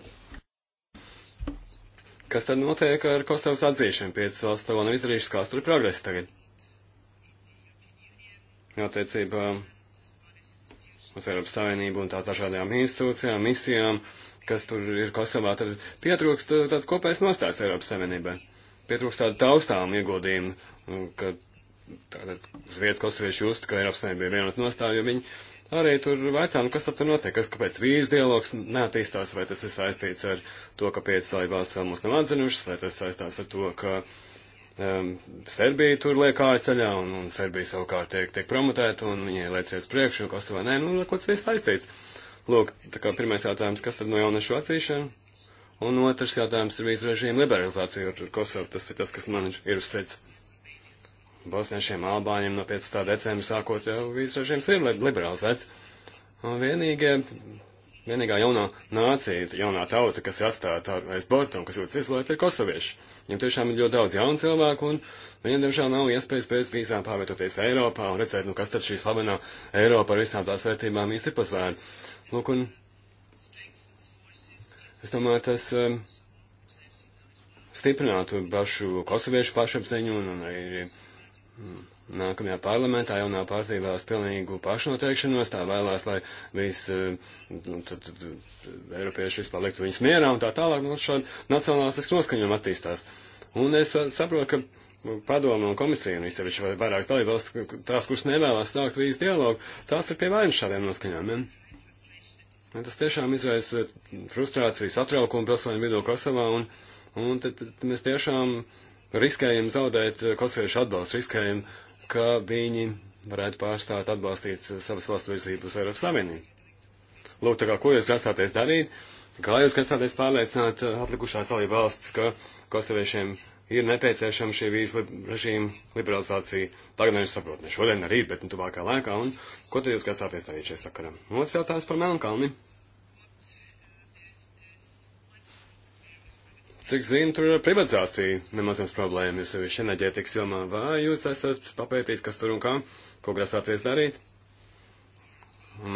Kas tad notiek ar Kosovas atzīšanu? Piecas valsts to nav izdarījušas, kāds tur progress tagad? Attiecībā uz Eiropas Savienību un tās dažādajām institūcijām, misijām, kas tur ir Kosovā, tad pietrūkst tāds kopējs nostājs Eiropas Savienībai. Pietrūkst tādu taustām ieguldījumu, nu, ka tātad uz vietas kosovieši justu, ka Eiropas Savienība ir vienot nostāju, jo viņi arī tur vaicā, nu kas tad tur notiek, kas, kāpēc vīzu dialogs neattīstās, vai tas ir saistīts ar to, ka piecas dalībās vēl mūs nav atzinušas, vai tas saistās ar to, ka. Uh, um, Serbija tur liek ārceļā, un, un Serbija savukārt tiek, tiek promotēta, un viņai liecies priekšu, Kosovā nē, nu, nu, kaut kas viss saistīts. Lūk, tā kā pirmais jautājums, kas tad no jauniešu atzīšana? Un otrs jautājums ir vīzu režīmu liberalizācija ar Kosovu. Tas ir tas, kas man ir uzsits. Bosniešiem, Albāņiem no 15. decembra sākot jau vīzu režīms ir liberalizēts. Un vienīgie vienīgā jaunā nācija, jaunā tauta, kas ir atstāta aiz borta un kas jūtas izolēta, ir kosovieši. Viņam tiešām ir ļoti daudz jaunu cilvēku, un viņiem, diemžēl, nav iespējas pēc vīzām pārvietoties Eiropā un redzēt, nu, kas tad šī slavenā Eiropa ar visām tās vērtībām īsti pasvēr. Lūk, un es domāju, tas um, stiprinātu pašu kosoviešu pašapziņu un, un arī nākamajā parlamentā jaunā partija vēlas pilnīgu pašnoteikšanos, tā vēlās, lai viss eh, nu, Eiropieši vispār liktu viņus mierā un tā tālāk, nu, šādi nacionālistisks noskaņojumi attīstās. Un es eh, saprotu, ka padomu un komisija, un īstenībā vairākas dalībvalsts, tās, kuras nevēlas sākt vīzu dialogu, tās ir pie vainas šādiem noskaņojumiem. Un tas tiešām izraisa frustrāciju, satraukumu pilsoņu vidū Kosovā, un, un tad, tad mēs tiešām riskējam zaudēt eh, kosmēšu atbalstu, riskējam, ka viņi varētu pārstāt atbalstīt eh, savas valsts virzības Eiropas Savienību. Lūk, tā kā ko jūs grasāties darīt, kā jūs grasāties pārliecināt eh, atlikušās dalību valsts, ka kosoviešiem ir nepieciešama šī vīzu li režīma liberalizācija. Tagad nevis saprot, ne šodien, ne rīt, bet nu tuvākā laikā, un ko tad jūs grasāties darīt šajā sakarā? Otrs jautājums par Melnkalni. Cik zinu, tur ir privatizācija nemazas problēma, jo sevišķi enerģētikas jomā. Vai jūs esat papētījis, kas tur un kā, ko grasāties darīt?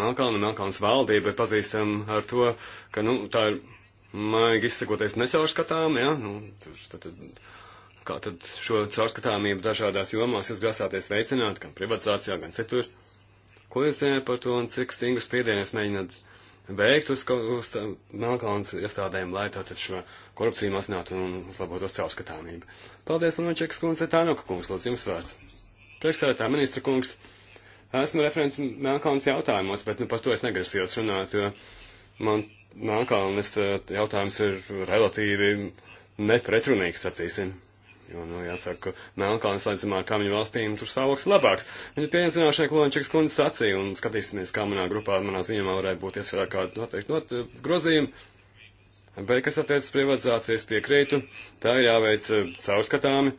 Melkalna, Melkalnas valdība ir pazīstama ar to, ka, nu, tā ir, maigi izsakoties, necaurskatām, jā, ja? nu, tad, tad, kā tad šo caurskatāmību dažādās jomās jūs grasāties veicināt, gan privatizācijā, gan citur. Ko jūs zināt par to un cik stingras piedienas mēģināt? veikt uz, uz Melkalnas iestādēm, lai tātad šo korupciju mazinātu un uzlabotos caurskatāmību. Paldies, Lunčekas kundze, Tānoka kungs, lūdzu jums vārds. Priekšsēdētā ministra kungs, esmu referents Melkalnas jautājumos, bet nu, par to es negrasījos runāt, jo man Melkalnas eh, jautājums ir relatīvi nepretrunīgs, sacīsim. Jo, nu, jāsaka, Melnkalns aizumā ar kaimiņu valstīm tur stāvoklis labāks. Viņa piezināšanai Klončiks kundze sacīja, un skatīsimies, kā manā grupā, manā ziņā varētu būt iesvarā kādu noteikti not, eh, grozījumu. Bet, kas attiecas privatizācijas piekrītu, tā ir jāveic eh, caurskatāmi.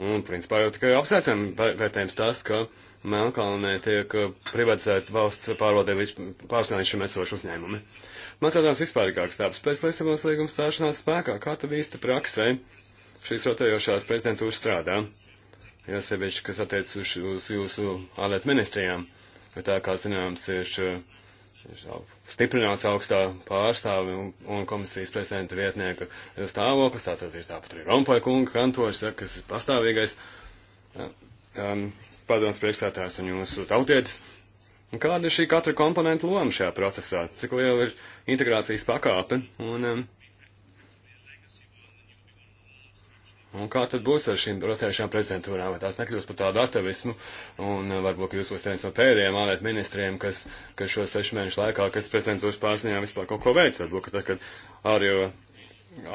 Un, principā, jau tikai apsveicam vērtējums tas, ka Melnkalnē tiek eh, privatizēts valsts pārvaldē pārstāvjušiem esošu uzņēmumi. Mans jautājums vispār ir kāds tāds. Pēc Lisabonas līguma stāšanās spēkā, kā tad īsti praksē? šīs rotējošās prezidentūras strādā, jo sevišķi, kas attiec uz, uz jūsu ārlietu ministrijām, jo tā, kā zināms, ir, ir stiprināts augstā pārstāve un, un komisijas prezidenta vietnieka stāvoklis, tātad ir tāpat arī Rompoja kunga kantors, ja, kas ir pastāvīgais um, padoms priekšsētājs un jūsu tautietis. Un kāda ir šī katra komponenta loma šajā procesā? Cik liela ir integrācijas pakāpe? Un, um, Un kā tad būs ar šīm rotējušām prezidentūrām, vai tās nekļūs par tādu atavismu, un eh, varbūt jūs būsiet viens no pēdējiem ārlietu ministriem, kas, kas šo sešu mēnešu laikā, kas prezidentūras pārziņā vispār kaut ko veic, varbūt, ka tad, kad ārējo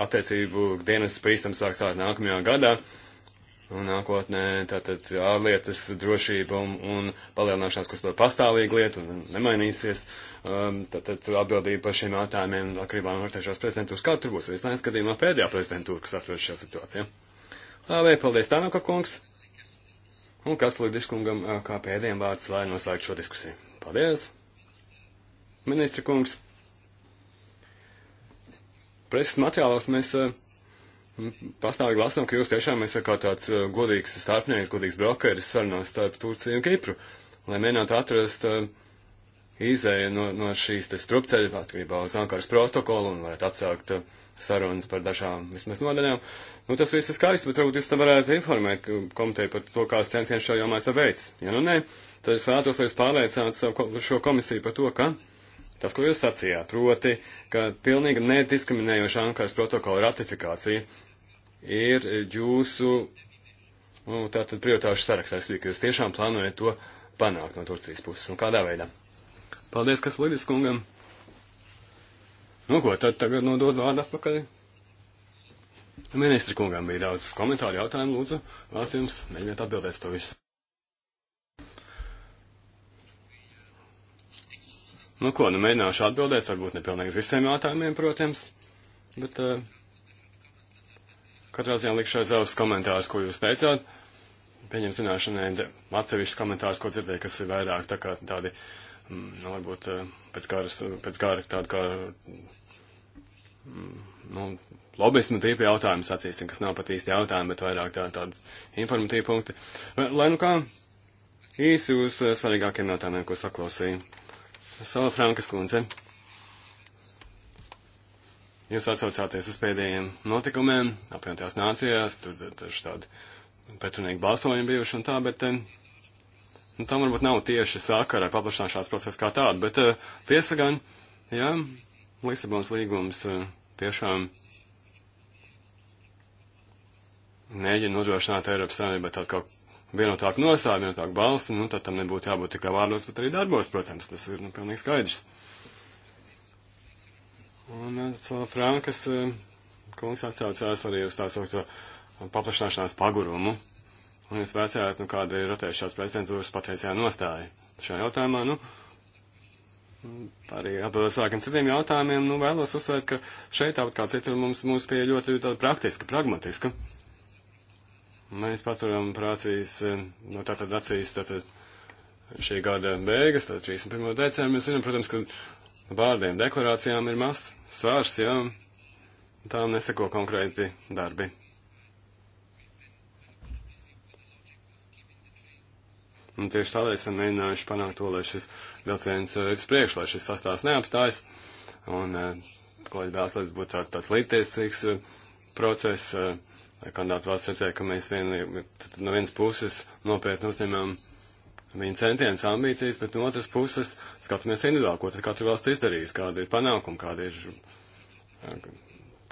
attiecību dienas pīstam sāks sākt nākamajā gadā, un nākotnē tātad ārlietas drošība un, un palielināšanās kustība pastāvīga lieta, un nemainīsies, um, tātad atbildība par šiem jautājumiem atkarībā no rotējušās prezidentūras, kā tur būs, visnēs skatījumā pēdējā prezidentūra, kas atrodas šajā situācijā. Vēl paldies Tanuka kungs. Un kas Lidis kungam kā pēdējiem vārds, lai noslēgtu šo diskusiju. Paldies. Ministra kungs. Preses materiālos mēs pastāvīgi lasām, ka jūs tiešām esat kā tāds godīgs starpnieks, godīgs brokeris sarunās starp Turciju un Kipru, lai mēģinātu atrast uh, izēja no, no šīs strupceļa atkarībā uz Ankaras protokolu un varētu atsākt uh, sarunas par dažām vismaz nodaļām. Nu, tas viss ir skaisti, bet varbūt jūs te varētu informēt komiteju par to, kāds centiens šajā jomā ir veids. Ja nu nē, tad es vēlētos, lai jūs pārliecinātu šo komisiju par to, ka tas, ko jūs sacījāt, proti, ka pilnīgi nediskriminējoša Ankaras protokola ratifikācija ir jūsu nu, tātad prioritāšu sarakstā. Es domāju, ka jūs tiešām plānojat to panākt no Turcijas puses un kādā veidā. Paldies, kas Lidis kungam! Nu, ko tad tagad nodod vārdu atpakaļ? Ministri kungam bija daudz komentāru jautājumu, lūdzu, vārds jums, mēģiniet atbildēt to visu. Nu, ko, nu mēģināšu atbildēt, varbūt nepilnīgi visiem jautājumiem, protams, bet uh, katrā ziņā likšu aiz savus komentārus, ko jūs teicāt. Pieņem zināšanai atsevišķus komentārus, ko dzirdēju, kas ir vairāk tā kā tādi. Uh, Mm, nu, varbūt eh, pēc kāras, eh, pēc kāra tāda kā, mm, nu, lobismu tipu jautājums, sacīsim, kas nav pat īsti jautājumi, bet vairāk tā, tādas informatīvi punkti. Eh, lai nu kā, īsi uz svarīgākiem jautājumiem, ko saklausīju. Sala Frankas kundze. Jūs atsaucāties uz pēdējiem notikumiem, apvienotās nācijās, tur taču tādi pretrunīgi balsojumi bijuši un tā, bet. Te, Nu, tam varbūt nav tieši sakara ar paplašināšanās procesu kā tādu, bet uh, tiesa gan, jā, Lisabons līgums uh, tiešām mēģina nodrošināt Eiropas Savienībai tādu kaut vienotāku nostāju, vienotāku balstu, nu, tad tam nebūtu jābūt tikai vārdos, bet arī darbos, protams, tas ir, nu, pilnīgi skaidrs. Un uh, Frankas uh, kungs atsaucās arī uz tā saukto paplašināšanās pagurumu. Uh, Un es vēcētu, nu, kāda ir rotējušās prezidentūras pateicējā nostāja šajā jautājumā. Nu, arī atbildot vairākiem citiem jautājumiem, nu, vēlos uzsvērt, ka šeit, tāpat kā citur, mums, mums pieeja ļoti tāda praktiska, pragmatiska. Mēs paturam prācīs, no nu, tātad acīs, tātad šī gada beigas, tātad 31. decembris, mēs zinām, protams, ka vārdiem, deklarācijām ir mazs svārs, jā, tām neseko konkrēti darbi. Un tieši tādēļ esam mēģinājuši panākt to, lai šis vilciens eh, ir uz priekšu, lai šis sastāvs neapstājas. Un eh, kolēģi vēlas, lai būtu tā, tāds līdztiesīgs eh, process. Kandidāti vēlas redzēt, ka mēs vien, no vienas puses nopietni uzņemam viņa centienus, ambīcijas, bet no otras puses skatāmies individuāli, ko tad katra valsts izdarījusi, kāda ir panākuma, kāda ir,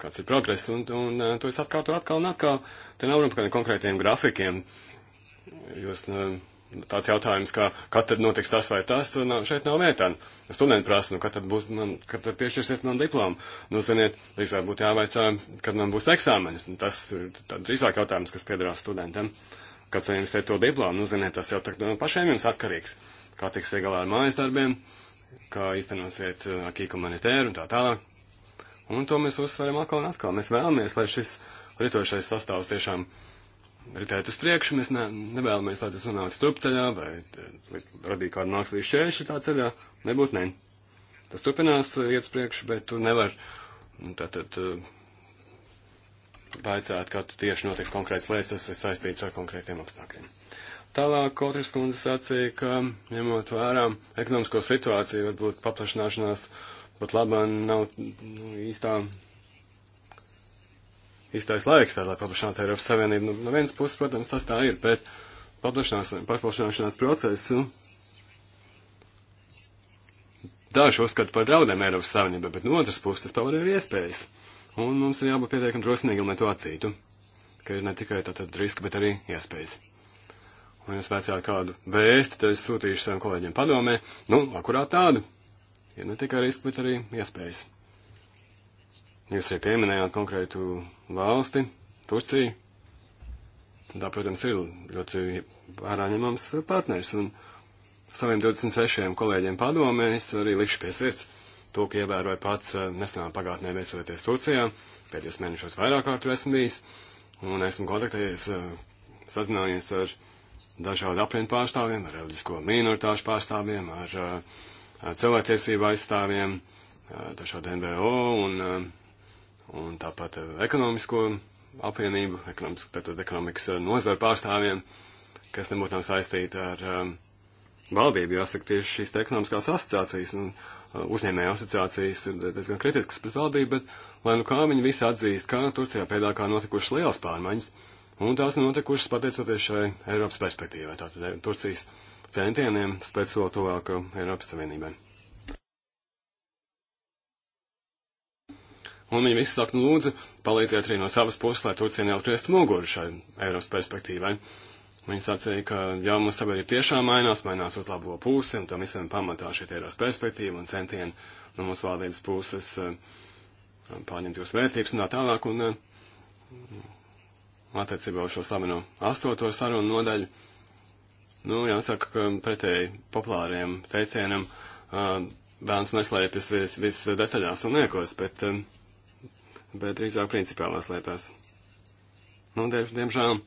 kāds ir progress, un, un, un to es atkārtoju atkal un atkal. Te nav runa par kādiem konkrētiem grafikiem. Jūs nu, tāds jautājums, kā, kad tad notiks tas vai tas, un uh, šeit nav mētāna. Studenti prasa, nu, kad tad būs man, kad tad piešķirsiet man diplomu. Nu, ziniet, drīzāk būtu jāvaicā, kad man būs eksāmenis. Nu, tas ir drīzāk jautājums, kas piedarās studentam. Kad saņemsiet to diplomu, nu, ziniet, tas jau tā, no nu, pašiem jums atkarīgs. Kā tiksiet galā ar mājas darbiem, kā īstenosiet uh, akī komunitēru un tā tālāk. Un to mēs uzsveram atkal un atkal. Mēs vēlamies, lai šis lietošais sastāvs tiešām ritēt uz priekšu. Mēs ne, nevēlamies, lai tas nonāktu stupceļā vai eh, radītu kādu mākslīgu šķēršļu tā ceļā. Nebūtu ne. Tas turpinās eh, iet uz priekšu, bet tur nevar nu, tātad eh, baicāt, kā tas tieši notiks konkrēts lietas, tas ir saistīts ar konkrētiem apstākļiem. Tālāk Kotris kundze sacīja, ka ņemot vērā ekonomisko situāciju, varbūt paplašināšanās pat labā nav nu, īstā īstais laiks tādā paplašinātā Eiropas Savienība. Nu, no vienas puses, protams, tas tā ir, bet paplašināšanās procesu daži uzskata par draudiem Eiropas Savienībai, bet no otras puses tas paver ir iespējas. Un mums ir jābūt pietiekami drosmīgiem, lai to atcītu, ka ir ne tikai tātad riski, bet arī iespējas. Un, ja sveicāt kādu vēsti, tad es sūtīšu saviem kolēģiem padomē, nu, akurāt tādu. Ja ne tikai riski, bet arī iespējas. Jūs arī pieminējāt konkrētu valsti, Turciju. Tā, protams, ir ļoti vērā ņemams partners. Un saviem 26 kolēģiem padomē es arī likšu pie sirds to, ka ievēroju pats eh, nesenā pagātnē viesojoties Turcijā. Pēdējos mēnešos vairāk kārtu esmu bijis. Un esmu kontaktējies, eh, sazinājies ar dažādu aprindu pārstāvjiem, ar reliģisko minoritāšu pārstāvjiem, ar eh, cilvēktiesību aizstāvjiem, dažādu NVO un un tāpat ekonomisko apvienību, ekonomisk, tātad ekonomikas eh, nozaru pārstāvjiem, kas nebūtu nav saistīti ar um, valdību, jāsaka, tieši šīs ekonomiskās asociācijas un uh, eh, uzņēmēja asociācijas ir diezgan kritiskas pret valdību, bet lai nu kā viņi visi atzīst, ka Turcijā pēdākā notikušas lielas pārmaiņas, un tās ir notikušas pateicoties šai Eiropas perspektīvai, tātad Turcijas centieniem spēcot tuvāk Eiropas Savienībai. un viņi visi saka, nu, lūdzu, palīdziet arī no savas puses, lai Turcija neatriest muguru šai Eiropas perspektīvai. Viņi sacīja, ka jau mums sabiedrība tiešām mainās, mainās uz labo pusi, un tam visam pamatā šī Eiropas perspektīva un centieni no mūsu valdības puses eh, pārņemt jūsu vērtības un tā tālāk, un eh, attiecībā uz šo slaveno astoto sarunu nodaļu. Nu, jāsaka, ka pretēji populāriem teicienam eh, bērns neslēpjas vis, vis detaļās un niekos, bet um, bet drīzāk principiālās lietās. Nu, diež, diemžēl,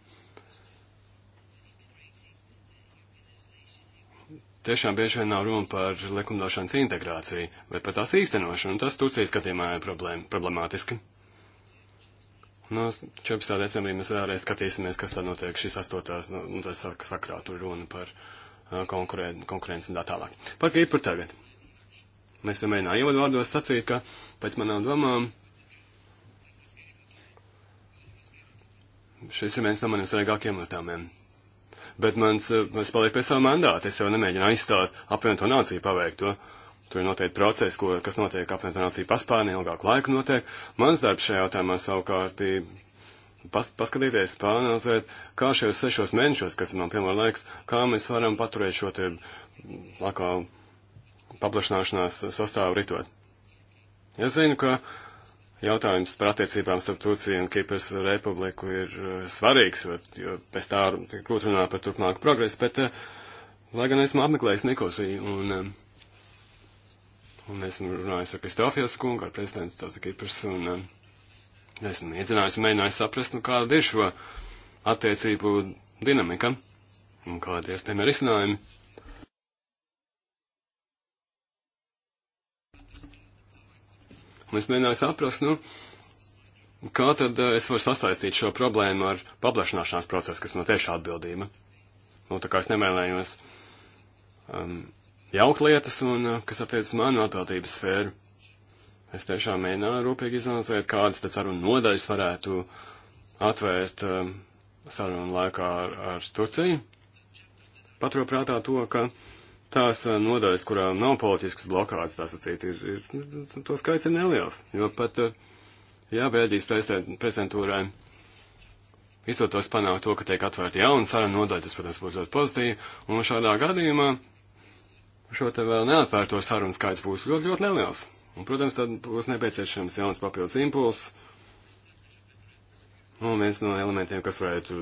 tiešām bieži vien nav runa par likumdošanas integrāciju, bet par tās īstenošanu, un tas Turcijas skatījumā ir problēma, problemātiski. No nu, 14. decembrī mēs vēlreiz skatīsimies, kas tad notiek šis 8. Nu, un nu, tas saka, sakrā tur runa par uh, konkuren, konkurenci un tā tālāk. Par Kipru tagad. Mēs jau mēģinājām ievadu vārdos sacīt, ka pēc manām domām šis ir viens no maniem svarīgākiem uzdevumiem. Bet mans, es eh, palieku pie savu mandātu, es jau nemēģinu aizstāt apvienoto nāciju paveikto. Tur ir noteikti procesi, ko, kas notiek apvienoto nāciju paspārnē, ilgāku laiku notiek. Mans darbs šajā jautājumā savukārt bija pas, paskatīties, pārnāzēt, kā šajos sešos mēnešos, kas man piemēram laiks, kā mēs varam paturēt šo te mm, lakā paplašināšanās sastāvu ritot. Es zinu, ka jautājums par attiecībām starp Turciju un Kipras republiku ir eh, svarīgs, jo pēc tā grūti runāt par turpmāku progresu, bet, eh, lai gan esmu apmeklējis Nikosiju un, eh, un esmu runājis ar Kristofijas kungu, ar prezidentu tātad Kipras, un esmu iedzinājis un mēģinājis saprast, nu kāda ir šo attiecību dinamika un kādi iespējami risinājumi. Un es mēģināju saprast, nu, kā tad eh, es varu sasaistīt šo problēmu ar paplašināšanās procesu, kas man tiešā atbildība. Nu, tā kā es nemēlējos um, jaukt lietas un, eh, kas attiec uz manu atbildības sfēru, es tiešām mēģināju rūpīgi izanalizēt, kādas tad sarunu nodaļas varētu atvērt um, sarunu laikā ar, ar Turciju. Paturprātā to, ka tās eh, nodaļas, kurām nav politiskas blokādes, tās atcīt, ir, ir, nu, nu, nu, to skaits ir neliels. Jo pat, eh, jā, Bēļģijas prezidentūrai izdotos panākt to, ka tiek atvērta jauna saruna nodaļa, tas, protams, būtu ļoti pozitīvi, un šādā gadījumā šo te vēl neatvērto sarunu skaits būs ļoti, ļoti neliels. Un, protams, tad būs nepieciešams jauns papildus impulss, un viens no elementiem, kas varētu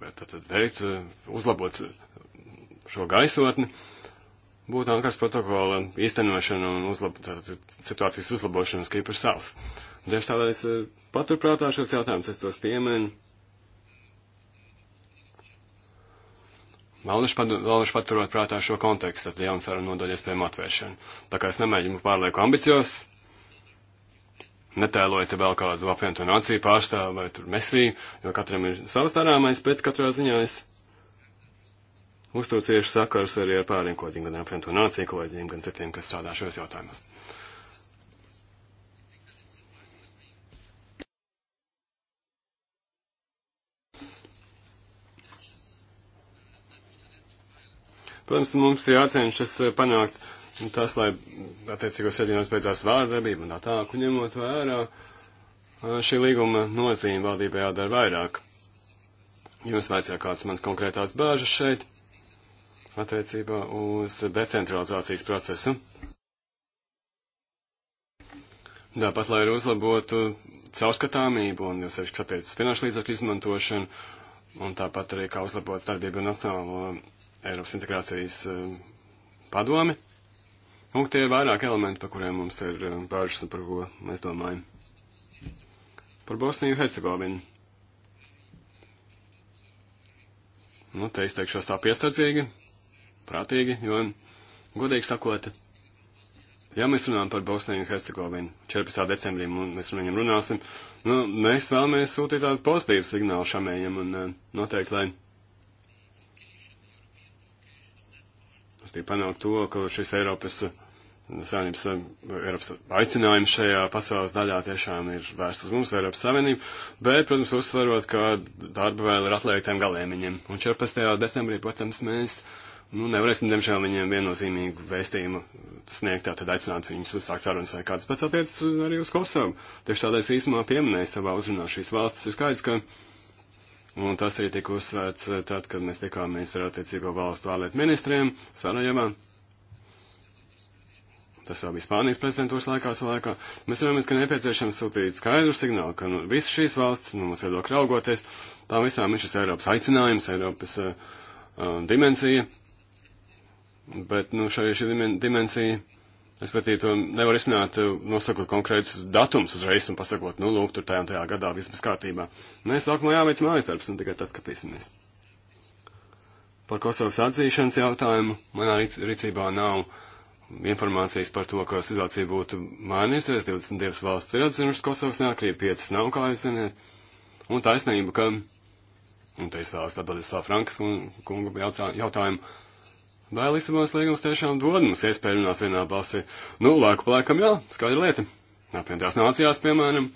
tad, tad veikt, eh, uzlabot šo gaisotni, būtu Ankaras protokola īstenošana un uzlab, tātad, situācijas uzlabošanas Kipras salas. Tieši tādēļ es paturprātā šos jautājumus, es tos piemēnu. Vēlnuši pat, paturot prātā šo kontekstu, tad jauns saruna nodaļ iespējama atvēršana. Tā kā es nemēģinu pārlieku ambicios, netēloju te vēl kādu apvienoto nāciju pārstāvu vai tur mesiju, jo katram ir savs darāmais, bet katrā ziņā es uztur cieši sakars arī ar pāriem kolēģiem, gan apvienoto nāciju kolēģiem, gan citiem, kas strādā šajos jautājumos. Protams, mums ir jācenšas panākt tas, lai attiecīgos reģionos beidzās vārdarbība un tā tālāk, un ņemot vērā šī līguma nozīme valdībai jādara vairāk. Jūs vajadzēja kāds mans konkrētās bāžas šeit attiecībā uz decentralizācijas procesu. Tāpat, lai uzlabotu caurskatāmību un jau sevišķi attiec uz finanšu līdzakļu izmantošanu, un tāpat arī kā uzlabot starpību Nacionālo Eiropas integrācijas eh, padomi. Un tie ir vairāk elementi, par kuriem mums ir eh, bāžas un par ko mēs domājam. Par Bosniju Hercegovinu. Nu, te izteikšos tā piestardzīgi prātīgi, jo, godīgi sakot, ja mēs runājam par Bosniju un Hercegovinu 14. decembrī, un mēs ar viņiem runāsim, nu, mēs vēlamies sūtīt tādu pozitīvu signālu šamējiem, un eh, noteikti, lai tīk panākt to, ka šis Eiropas eh, Savienības eh, Eiropas aicinājums šajā pasaules daļā tiešām ir vērsts uz mums, Eiropas Savienību, bet, protams, uzsverot, ka darba vēl ir atliektiem galēmiņiem. Un 14. decembrī, protams, mēs nu, nevarēsim, diemžēl, viņiem viennozīmīgu vēstījumu sniegt, tātad aicināt viņus uzsākt sarunas vai kādas pēc attiecas arī uz Kosovu. Tieši tādēļ es īsumā pieminēju savā uzrunā šīs valstis. Ir skaidrs, ka, un tas arī tika uzsvērts tad, kad mēs tikāmies ar attiecīgo valstu ārlietu ministriem Sarajevā. Tas vēl bija Spānijas prezidentūras laikā, laikā. Mēs vēlamies, ka nepieciešams sūtīt skaidru signālu, ka nu, visas šīs valsts, nu, mums viedokļi raugoties, tām visām ir šis Eiropas aicinājums, Eiropas uh, uh dimensija, Bet, nu, šai šī dimensija, es patīju to nevar izsnāt, nosakot konkrētus datums uzreiz un pasakot, nu, lūk, tur tajā un tajā gadā viss būs kārtībā. Mēs nu, sākumā jāveic mājas darbs un nu, tikai tad skatīsimies. Par Kosovas atzīšanas jautājumu manā rīcībā nav informācijas par to, ka situācija būtu mainījusies. 22 valsts ir atzinušas Kosovas neatkarību, 5 nav, kā jūs zināt. Un taisnība, ka, un te es vēlos atbildēt Sāfrankas kungu jautājumu, Vai Lisabonas līgums tiešām dod mums iespēju runāt vienā balsī? Nu, laiku plēkam jā, skaidra lieta. Apvienotās nācijās, piemēram,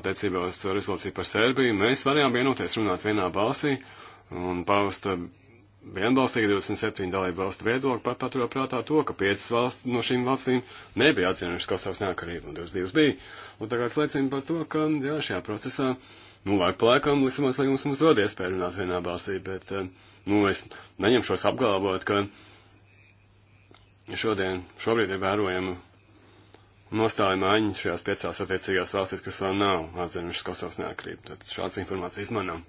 attiecībā uz rezolūciju par Serbiju, mēs varējām vienoties runāt vienā balsī un paust vienbalsīgi 27 dalību valstu viedokli, pat paturot prātā to, ka 5 valsts, no šīm valstīm nebija atzinušas Kosovas neatkarību, un 22 bija. Un tagad slēdzim par to, ka, jā, šajā procesā, nu, laiku plēkam Lisabonas līgums mums dod iespēju runāt vienā balsī, bet. Uh, Nu, es neņemšos apgalvot, ka šodien, šobrīd ir vērojama nostāja maiņa šajās piecās attiecīgās valstīs, kas vēl nav atzinušas Kosovas neatkarību. Tad šāds informācijas manām.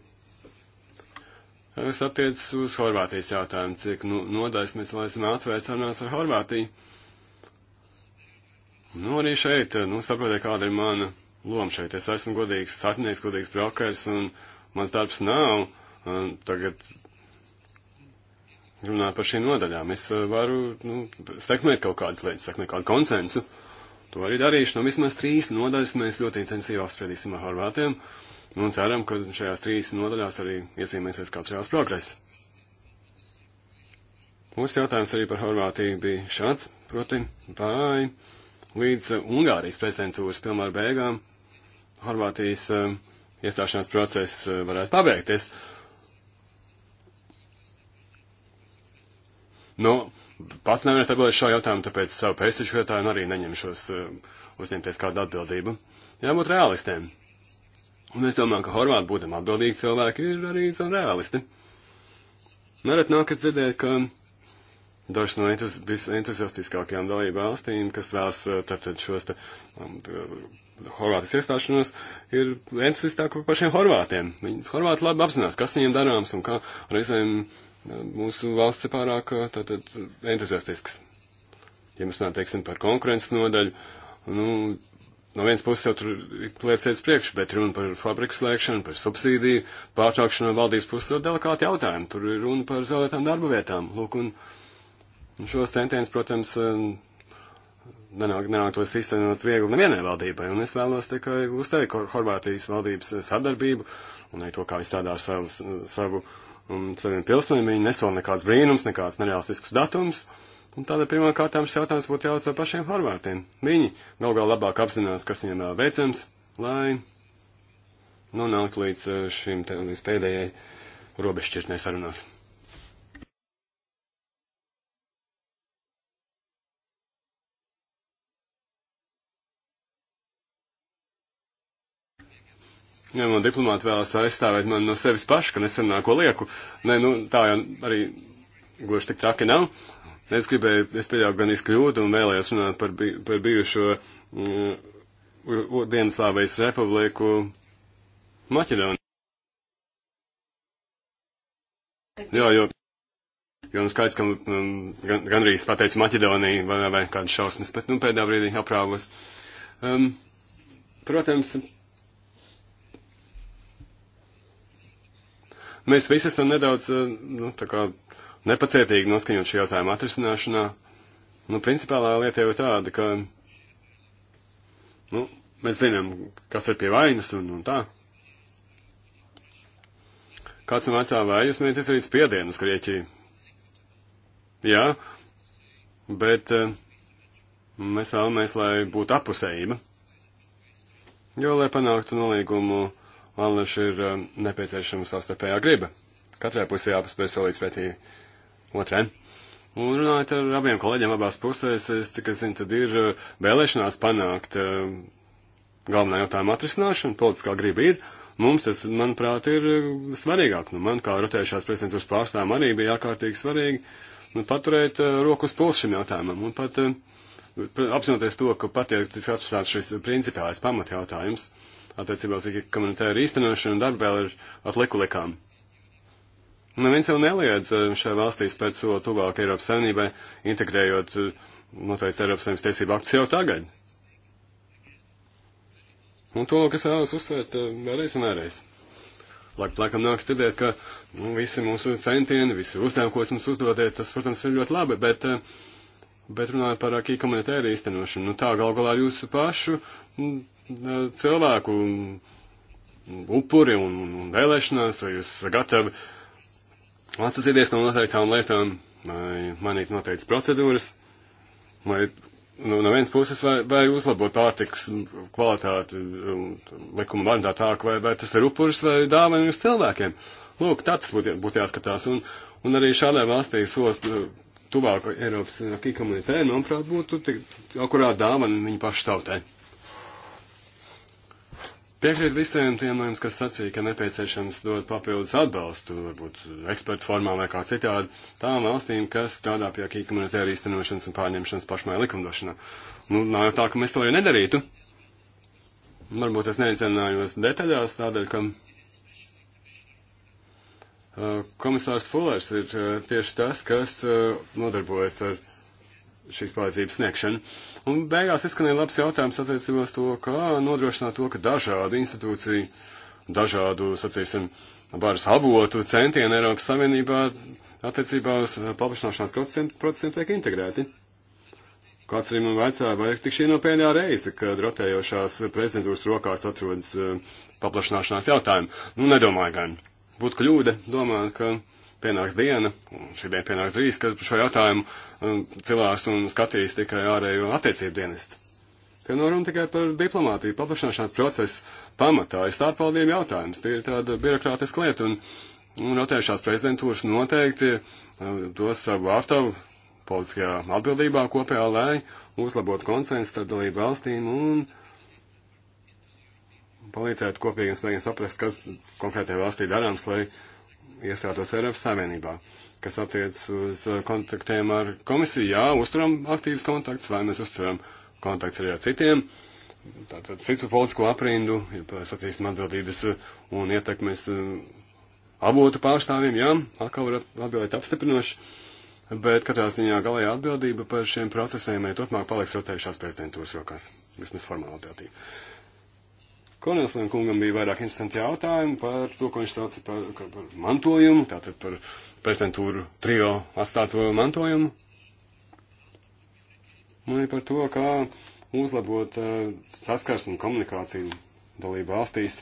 Es attiecas uz Horvātijas jautājumu, cik nu, nodaļas mēs vēl esam atvērts sarunās ar Horvātiju. Nu, arī šeit, nu, saprotiet, kāda ir mana loma šeit. Es esmu godīgs satinieks, godīgs brokers, un mans darbs nav tagad runāt par šīm nodaļām. Es eh, varu nu, sekmēt kaut kādas lietas, sekmēt kādu konsensu. To arī darīšu. No nu, vismaz trīs nodaļas mēs ļoti intensīvi apspriedīsim ar Horvātiem un ceram, ka šajās trīs nodaļās arī iezīmēsies kāds reāls progress. Mūsu jautājums arī par Horvātiju bija šāds, proti, vai līdz eh, Ungārijas prezidentūras pilnvaru beigām Horvātijas uh, iestāšanās process uh, varētu pabeigties. Uh, Nu, pats nevaru atbildēt šo jautājumu, tāpēc savu pēstišu jautājumu nu arī neņemšos uh, uzņemties kādu atbildību. Jābūt realistiem. Un es domāju, ka Horvāti, būdami atbildīgi cilvēki, ir arī realisti. Nerad nu, nākas dzirdēt, ka dažs no entus, visentuziastiskākajām dalību valstīm, kas vēlas tātad eh, šos te, um, eh, Horvātijas iestāšanos, ir entuziastāki par pašiem Horvātiem. Viņi Horvāti labi apzinās, kas viņiem darāms un kā reizēm mūsu valsts ir pārāk tātad, entuziastisks. Ja mēs runājam, teiksim, par konkurences nodaļu, nu, no vienas puses jau tur liecietas priekš, bet runa par fabriku slēgšanu, par subsīdiju, pārtraukšanu no valdības puses ir delikāti jautājumi. Tur ir runa par zaudētām darba vietām. Lūk, un, un šos centienus, protams, nenāk, nenāk tos īstenot viegli nevienai valdībai, un es vēlos tikai uzteikt Horvātijas valdības sadarbību un arī to, kā viņi strādā ar savu, savu uh, un saviem pilsoņiem viņi nesola nekāds brīnums, nekāds nereālistisks datums. Un tādēļ pirmām kārtām šis jautājums būtu jāuzdod pašiem horvātiem. Viņi gal galā labāk apzinās, kas viņiem vēl veicams, lai nonāktu līdz eh, šim te, līdz pēdējai robežšķirtnē sarunās. Ja man diplomāti vēlas aizstāvēt man no sevis paša, ka nesanā ko lieku. Nē, nu, tā jau arī gluži tik traki nav. Es gribēju, es pieļauju gan izkļūdu un vēlējos runāt par, bi par bijušo uh, Dienaslāvijas republiku Maķedoniju. Jā, jo, jo nu skaidrs, ka um, gan, gandrīz pateicu Maķedoniju vai, vai kādas šausmas, bet nu pēdējā brīdī aprāvos. Um, protams, Mēs visi esam nedaudz eh, nu, nepacietīgi noskaņot šī jautājuma atrisināšanā. Nu, principālā lieta jau ir tāda, ka nu, mēs zinām, kas ir pie vainas un, un tā. Kāds man vecā vai jūs mēģināt nu, izdarīt spiedienu uz Grieķiju? Jā, bet eh, mēs vēlamies, lai būtu apusējība. Jo, lai panāktu nolīgumu Man liekas, ir um, nepieciešama savstarpējā griba. Katrai pusē jāpaspēj salīdzvērtīgi otrai. Un runājot ar abiem kolēģiem abās pusēs, es tikai zinu, tad ir uh, vēlēšanās panākt um, galvenā jautājuma atrisināšanu, politiskā griba ir. Mums tas, manuprāt, ir uh, svarīgāk. Nu, man kā rotējušās prezidentūras pārstāvam arī bija ārkārtīgi svarīgi nu, paturēt uh, roku uz pulsu šim jautājumam un pat apzinoties to, ka patiek tas atšķirās šis principālais pamatjautājums. jautājums attiecībā uz komunitāru īstenošanu darbu vēl ir atlikulikām. Neviens jau neliedz eh, šai valstīs pēc so tuvāk Eiropas Savienībai, integrējot eh, noteikti Eiropas Savienības tiesību aktus jau tagad. Un to, kas vēlas uzsvērt eh, vēlreiz un vēlreiz. Laik, laikam nāk studēt, ka nu, visi mūsu centieni, visi uzdevumi, ko mums uzdodiet, tas, protams, ir ļoti labi, bet, bet runājot par akī komunitēru īstenošanu, nu tā gal galā jūsu pašu cilvēku upuri un, un, un vēlēšanās, vai jūs esat gatavi atsasieties no noteiktām lietām, vai manīt noteikts procedūras, vai nu, no vienas puses, vai, vai uzlabot pārtikas kvalitāti likuma vārdā tā, vai, vai tas ir upuris vai dāvana uz cilvēkiem. Lūk, tā tas būtu, būtu jāskatās. Un, un arī šādai valstī sost tuvāk Eiropas komunitē, manuprāt, būtu tik akurāt dāvana viņa pašu tautai. Piekrīt visiem tiem no jums, kas sacīja, ka nepieciešams dot papildus atbalstu, varbūt ekspertu formā vai kā citādi, tām valstīm, kas strādā pie kīkumunitēra īstenošanas un pārņemšanas pašmai likumdošanā. Nu, nav jau tā, ka mēs to arī nedarītu. Varbūt es neicinājos detaļās tādēļ, ka uh, komisārs Fulers ir uh, tieši tas, kas uh, nodarbojas ar šīs palīdzības sniegšanu. Un beigās izskanēja labs jautājums attiecībā uz to, kā nodrošināt to, ka dažādu institūciju, dažādu, sacīsim, varas avotu centieni Eiropas Savienībā attiecībā uz paplašināšanās procesiem, procesiem tiek integrēti. Kāds arī man vaicāja, vai tik šī nav no pēdējā reize, kad rotējošās prezidentūras rokās atrodas eh, paplašināšanās jautājumi. Nu, nedomāju gan. Būtu kļūda domāt, ka pienāks diena, un šī diena pienāks drīz, kad šo jautājumu um, cilās un skatīs tikai ārējo attiecību dienests. Te nav nu runa tikai par diplomātiju, paplašināšanās procesu pamatā ir starpvaldību jautājums. Tie ir tāda birokrātiska lieta, un, un rotējušās prezidentūras noteikti uh, dos savu vārtavu politiskajā atbildībā kopējā, lai uzlabotu konsensu starp dalību valstīm un palīdzētu kopīgiem spēkiem saprast, kas konkrētajā valstī darāms, lai uh, iestātos Eiropas Savienībā, kas attiec uz uh, kontaktiem ar komisiju. Jā, uzturam aktīvas kontakts, vai mēs uzturam kontakts arī ar citiem. Tātad citu politisko aprindu, ja sacīsim atbildības uh, un ietekmes uh, avotu pārstāvjiem, jā, atkal var atbildēt apstiprinoši, bet katrā ziņā galējā atbildība par šiem procesiem arī turpmāk paliks rotējušās prezidentūras rokās, vismaz formāla atbildība. Kornelsen kungam bija vairāk instanti jautājumi par to, ko viņš sauca par, par mantojumu, tātad par prezidentūru trio atstāto mantojumu. Nu, un arī par to, kā uzlabot uh, saskarsmi komunikāciju dalību valstīs,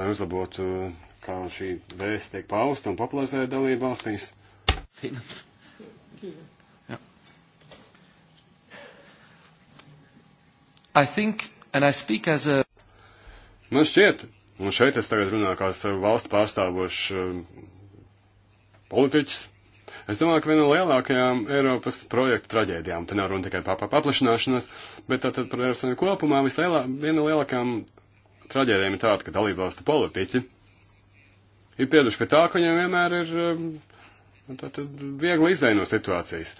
lai uzlabotu, uh, kā šī vēsts tiek pausta un popularizēta dalību valstīs. Finans. think, a... Man nu, šķiet, un šeit es tagad runāju kā valsts pārstāvošs um, politiķis, es domāju, ka viena no lielākajām Eiropas projektu traģēdijām, te nav runa tikai par paplašināšanos, bet tātad par Eiropas Savienību kopumā vislielā, viena no lielākajām traģēdijām ir tāda, ka dalībvalstu politiķi ir pieraduši pie tā, ka viņiem vienmēr ir um, tātad viegli izdēno situācijas.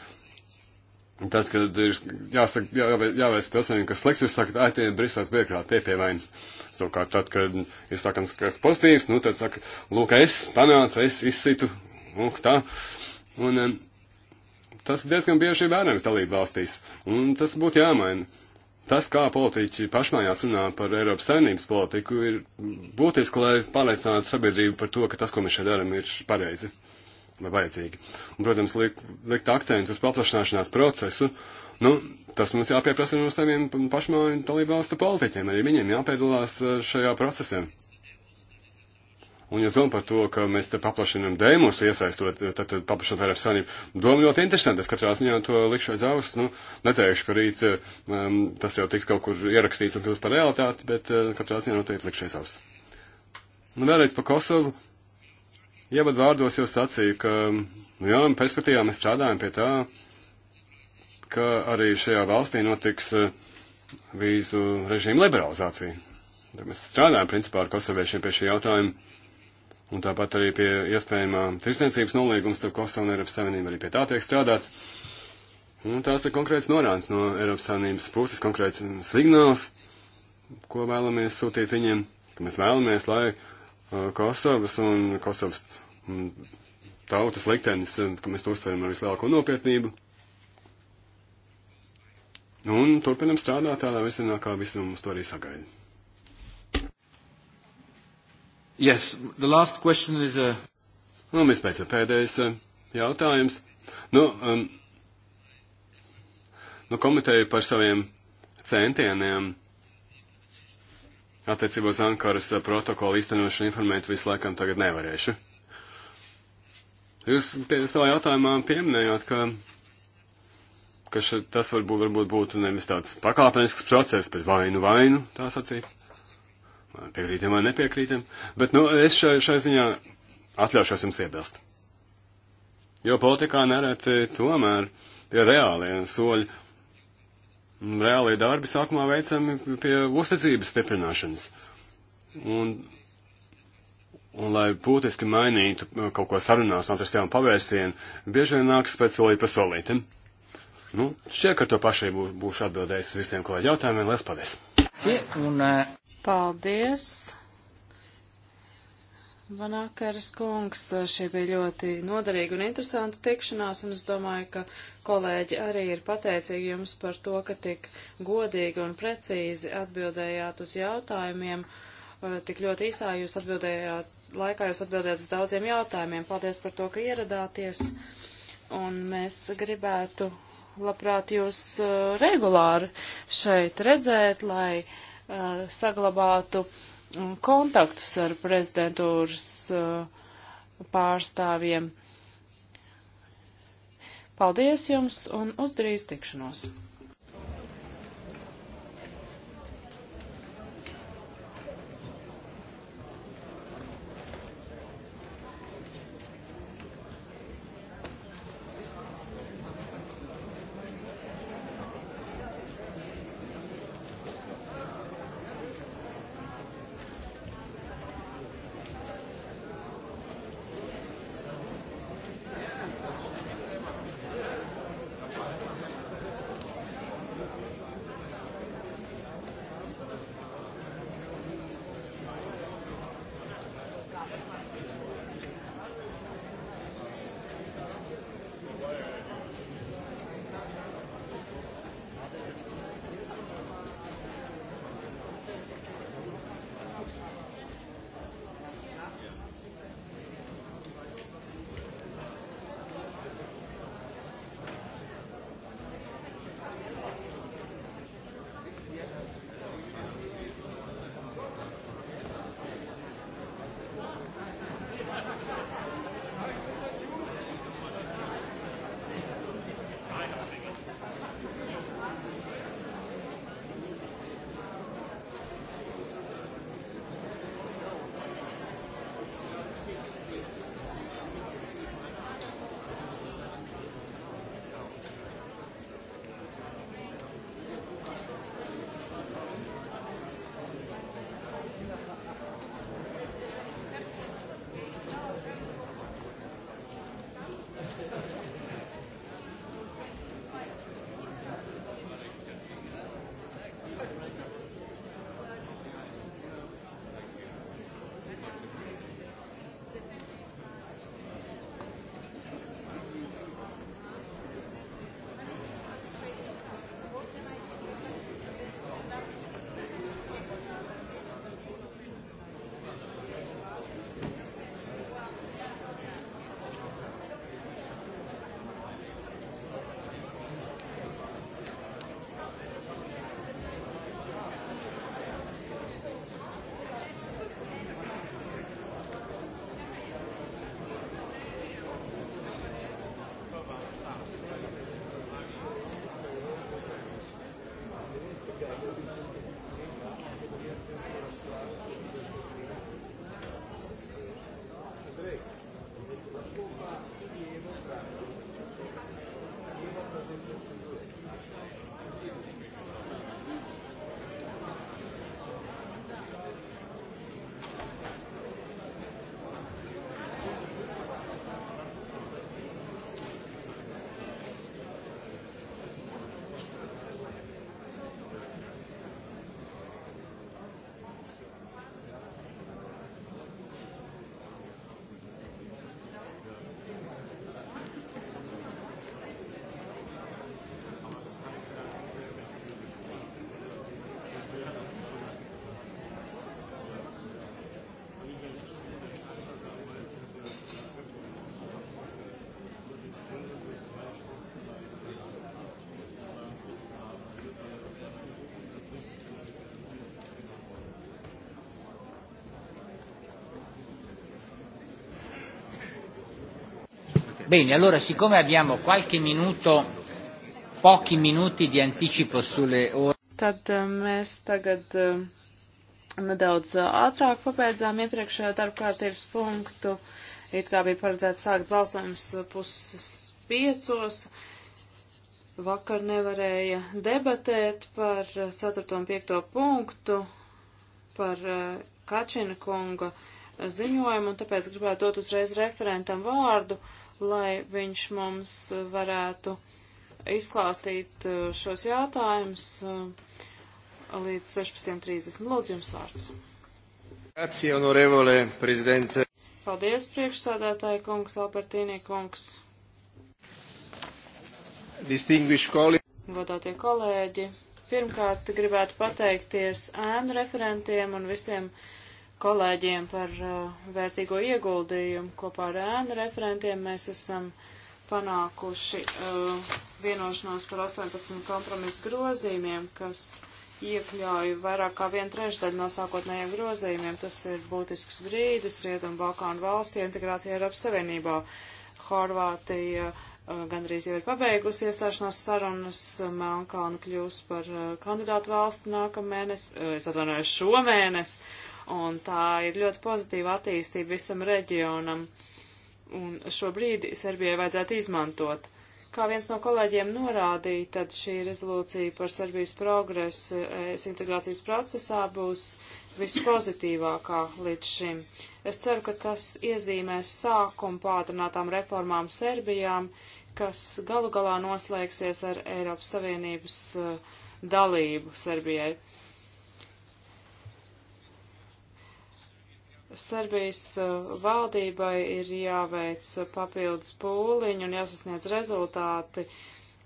Tad, kad ir jāsaka, jā, jāveic pilsoņiem, kas slikts, jūs sakat, ai, tie Briseles biekrāt, tie pie vainas. Savukārt, tad, kad ir sakams, kas pozitīvs, nu, tad saka, lūk, es panācu, es izcitu, lūk, tā. Un um, tas diezgan bieži ir vērojams dalību valstīs. Un tas būtu jāmaina. Tas, kā politiķi pašmājās runā par Eiropas saimnības politiku, ir būtiski, lai pārliecinātu sabiedrību par to, ka tas, ko mēs šeit darām, ir pareizi vajadzīgi. Un, protams, liek, likt akcentu uz paplašināšanās procesu, nu, tas mums jāpieprasa no saviem pašmāju dalību valstu politiķiem, arī viņiem jāpiedalās e, šajā procesā. Un, ja domā par to, ka mēs te paplašinam dēmus, iesaistot, e, tad, tad paplašinot Eiropas Savienību, doma ļoti interesanta. Es katrā ziņā to likšu aiz auss. Nu, neteikšu, ka rīt um, tas jau tiks kaut kur ierakstīts un kļūst par realitāti, bet uh, katrā ziņā noteikti likšu aiz auss. Nu, vēlreiz par Kosovu. Ievad vārdos jau sacīju, ka, nu jā, perspektīvā mēs strādājam pie tā, ka arī šajā valstī notiks eh, vīzu režīmu liberalizācija. Tad mēs strādājam, principā, ar kosoviešiem pie šī jautājuma. Un tāpat arī pie iespējamā tirsniecības nolīgums starp Kosovu un Eiropas Savienību arī pie tā tiek strādāts. Un tās ir konkrēts norādes no Eiropas Savienības puses, konkrēts signāls, ko vēlamies sūtīt viņiem, ka mēs vēlamies, lai Kosovas un Kosovas mm, tautas liktenis, eh, ka mēs to uztveram ar vislielāko nopietnību. Un turpinam strādāt tādā virzienā, kā visi mums to arī sagaida. Yes, the last question is a... Uh, nu, un vispēc ir pēdējais eh, jautājums. Nu, um, nu komiteju par saviem centieniem attiecībā uz Ankaras eh, protokolu īstenošanu informēt visu laikam tagad nevarēšu. Jūs pie savā jautājumā pieminējāt, ka, ka še, tas varbūt, varbūt būtu nevis tāds pakāpenisks process, bet vainu vainu, tā sacīja. Piekrītam vai nepiekrītam, bet, nu, es šai, šai ziņā atļaušos jums iebilst. Jo politikā nereti tomēr tie reālie soļi reālie darbi sākumā veicami pie uzticības stiprināšanas. Un, un lai būtiski mainītu kaut ko sarunās un atrastajām pavērsienu, bieži vien nāks pēc solīt pa solītim. Nu, šķiet, ka to pašai bū, būšu atbildējis visiem kolēģi jautājumiem. Lielas paldies! Eh, paldies! Vanakaras kungs, šī bija ļoti noderīga un interesanta tikšanās, un es domāju, ka kolēģi arī ir pateicīgi jums par to, ka tik godīgi un precīzi atbildējāt uz jautājumiem, eh, tik ļoti īsā jūs atbildējāt, laikā jūs atbildējāt uz daudziem jautājumiem. Paldies par to, ka ieradāties, un mēs gribētu labprāt jūs eh, regulāri šeit redzēt, lai eh, saglabātu kontaktus ar prezidentūras uh, pārstāvjiem. Paldies jums un uz drīz tikšanos! Bene, allora siccome abbiamo qualche minuto, pochi minuti di anticipo sulle ore. Tad eh, mēs tagad eh, nedaudz eh, ātrāk pabeidzām iepriekšējo darbkārtības punktu. It kā bija paredzēts sākt balsojums puses piecos. Vakar nevarēja debatēt par 4. un 5. punktu, par Kačina kunga ziņojumu, un tāpēc gribētu dot uzreiz referentam vārdu. Uh, lai viņš mums varētu izklāstīt uh, šos jautājumus uh, līdz 16.30. Lūdzu, jums vārds. Grazie, onorevole, prezidente. Paldies, priekšsādātāji kungs, Albertīnī kungs. Distinguished colleague. Godātie kolēģi, pirmkārt gribētu pateikties ēnu referentiem un visiem uh, kolēģiem par uh, vērtīgo ieguldījumu. Kopā ar ēnu referentiem mēs esam panākuši uh, vienošanos par 18 kompromisu grozījumiem, kas iekļauj vairāk kā vienu trešdaļu no sākotnējiem grozījumiem. Tas ir būtisks brīdis Rietumu Balkānu valstu integrācija Eiropas Savienībā. Horvātija uh, gandrīz jau ir pabeigusi iestāšanās sarunas, Melnkalna kļūs par uh, kandidātu valsti nākamēnes, uh, es atvainojos šomēnes. mēnesi un tā ir ļoti pozitīva attīstība visam reģionam, un šobrīd Serbijai vajadzētu izmantot. Kā viens no kolēģiem norādīja, tad šī rezolūcija par Serbijas progresu es integrācijas procesā būs vispozitīvākā līdz šim. Es ceru, ka tas iezīmēs sākumu pātrinātām reformām Serbijām, kas galu galā noslēgsies ar Eiropas Savienības eh, dalību Serbijai. Serbijas uh, valdībai ir jāveic uh, papildus pūliņi un jāsasniedz rezultāti,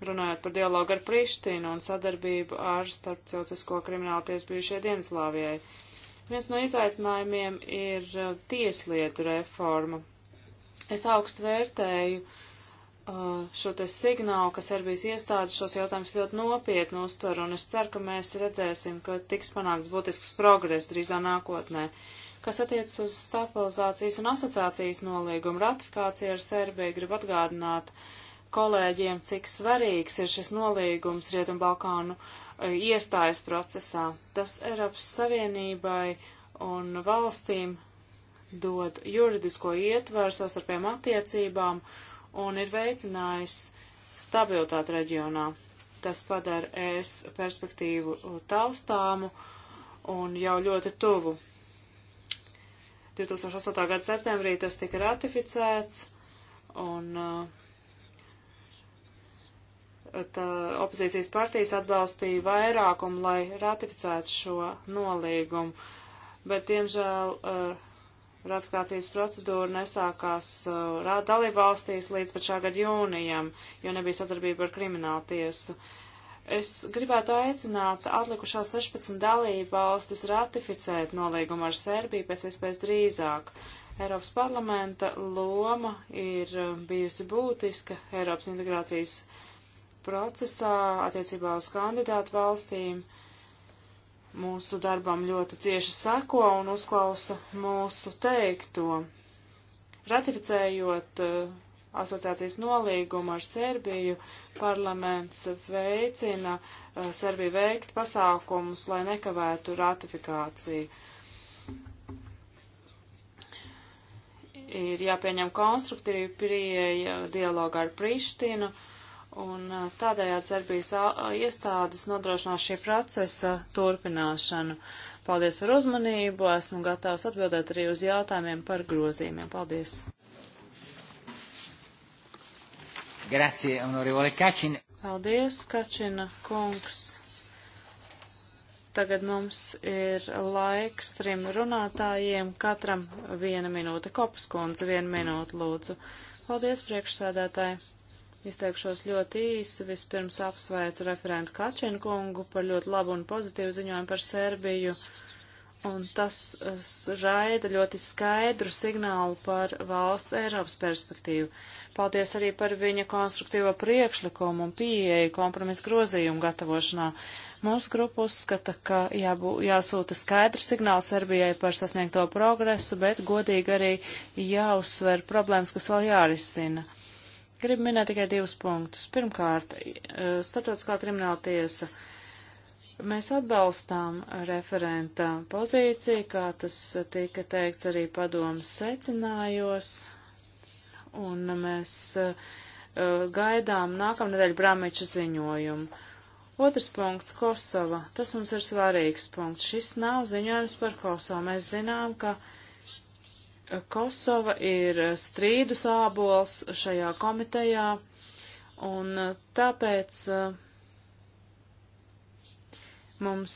runājot par dialogu ar Prištinu un sadarbību ar starptautisko kriminālu tiesu bijušajai Dienaslāvijai. Viens no izaicinājumiem ir uh, tieslietu reforma. Es augstu vērtēju šo te signālu, ka Serbijas iestādes šos jautājumus ļoti nopietni uztver, un es ceru, ka mēs redzēsim, ka tiks panākts būtisks progress drīzā nākotnē. Uh, Kas attiecas uz stabilizācijas un asociācijas nolīgumu ratifikāciju ar Serbiju, gribu atgādināt kolēģiem, cik svarīgs ir šis nolīgums Rietumbalkānu eh, iestājas procesā. Tas Eiropas Savienībai un valstīm dod juridisko ietvaru savstarpējām attiecībām un ir veicinājis stabilitāti reģionā. Tas padara ES perspektīvu taustāmu un jau ļoti tuvu. 2008. gada septembrī tas tika ratificēts, un uh, tā opozīcijas partijas atbalstīja vairākumu, lai ratificētu šo nolīgumu. Bet, diemžēl, uh, ratifikācijas procedūra nesākās uh, dalībvalstīs līdz pat šā gada jūnijam, jo nebija sadarbība ar kriminālu tiesu. Uh, Es gribētu aicināt atlikušās 16 dalību valstis ratificēt nolīgumu ar Serbiju pēc iespējas drīzāk. Eiropas parlamenta loma ir um, bijusi būtiska Eiropas integrācijas procesā attiecībā uz kandidātu valstīm. Mūsu darbam ļoti cieši seko un uzklausa mūsu teikto. Ratificējot uh, asociācijas nolīgumu ar Serbiju, parlaments veicina eh, Serbiju veikt pasākumus, lai nekavētu ratifikāciju. Ir jāpieņem konstruktīva pieeja dialogā ar Prištinu, un eh, tādējādi Serbijas eh, iestādes nodrošinās šī procesa turpināšanu. Paldies par uzmanību, esmu gatavs atbildēt arī uz jautājumiem par grozījumiem. Paldies! Grazie, honorevole Kačina. Paldies, Kačina kungs. Tagad mums ir laiks trim runātājiem, katram viena minūte. Kopas kundze, viena minūte, lūdzu. Paldies, priekšsēdētāji. Izteikšos ļoti īsi. Vispirms apsveicu referentu Kačinu kungu par ļoti labu un pozitīvu ziņojumu par Serbiju. Uh, un tas raida ļoti skaidru signālu par valsts Eiropas perspektīvu. Paldies arī par viņa konstruktīvo priekšlikumu un pieeju kompromisu grozījumu gatavošanā. Mūsu grupa uzskata, ka jābū, jāsūta skaidrs signāls Serbijai par sasniegto progresu, bet godīgi arī jāuzsver problēmas, kas vēl jārisina. Gribu minēt tikai divus punktus. Pirmkārt, eh, starptautiskā krimināla tiesa. Uh, Mēs atbalstām referenta pozīciju, kā tas tika teikts arī padomas secinājos, un mēs uh, gaidām nākamnedēļ Bramiča ziņojumu. Otrs punkts - Kosova. Tas mums ir svarīgs punkts. Šis nav ziņojums par Kosovu. Mēs zinām, ka Kosova ir strīdu sābols šajā komitejā, un uh, tāpēc uh, Mums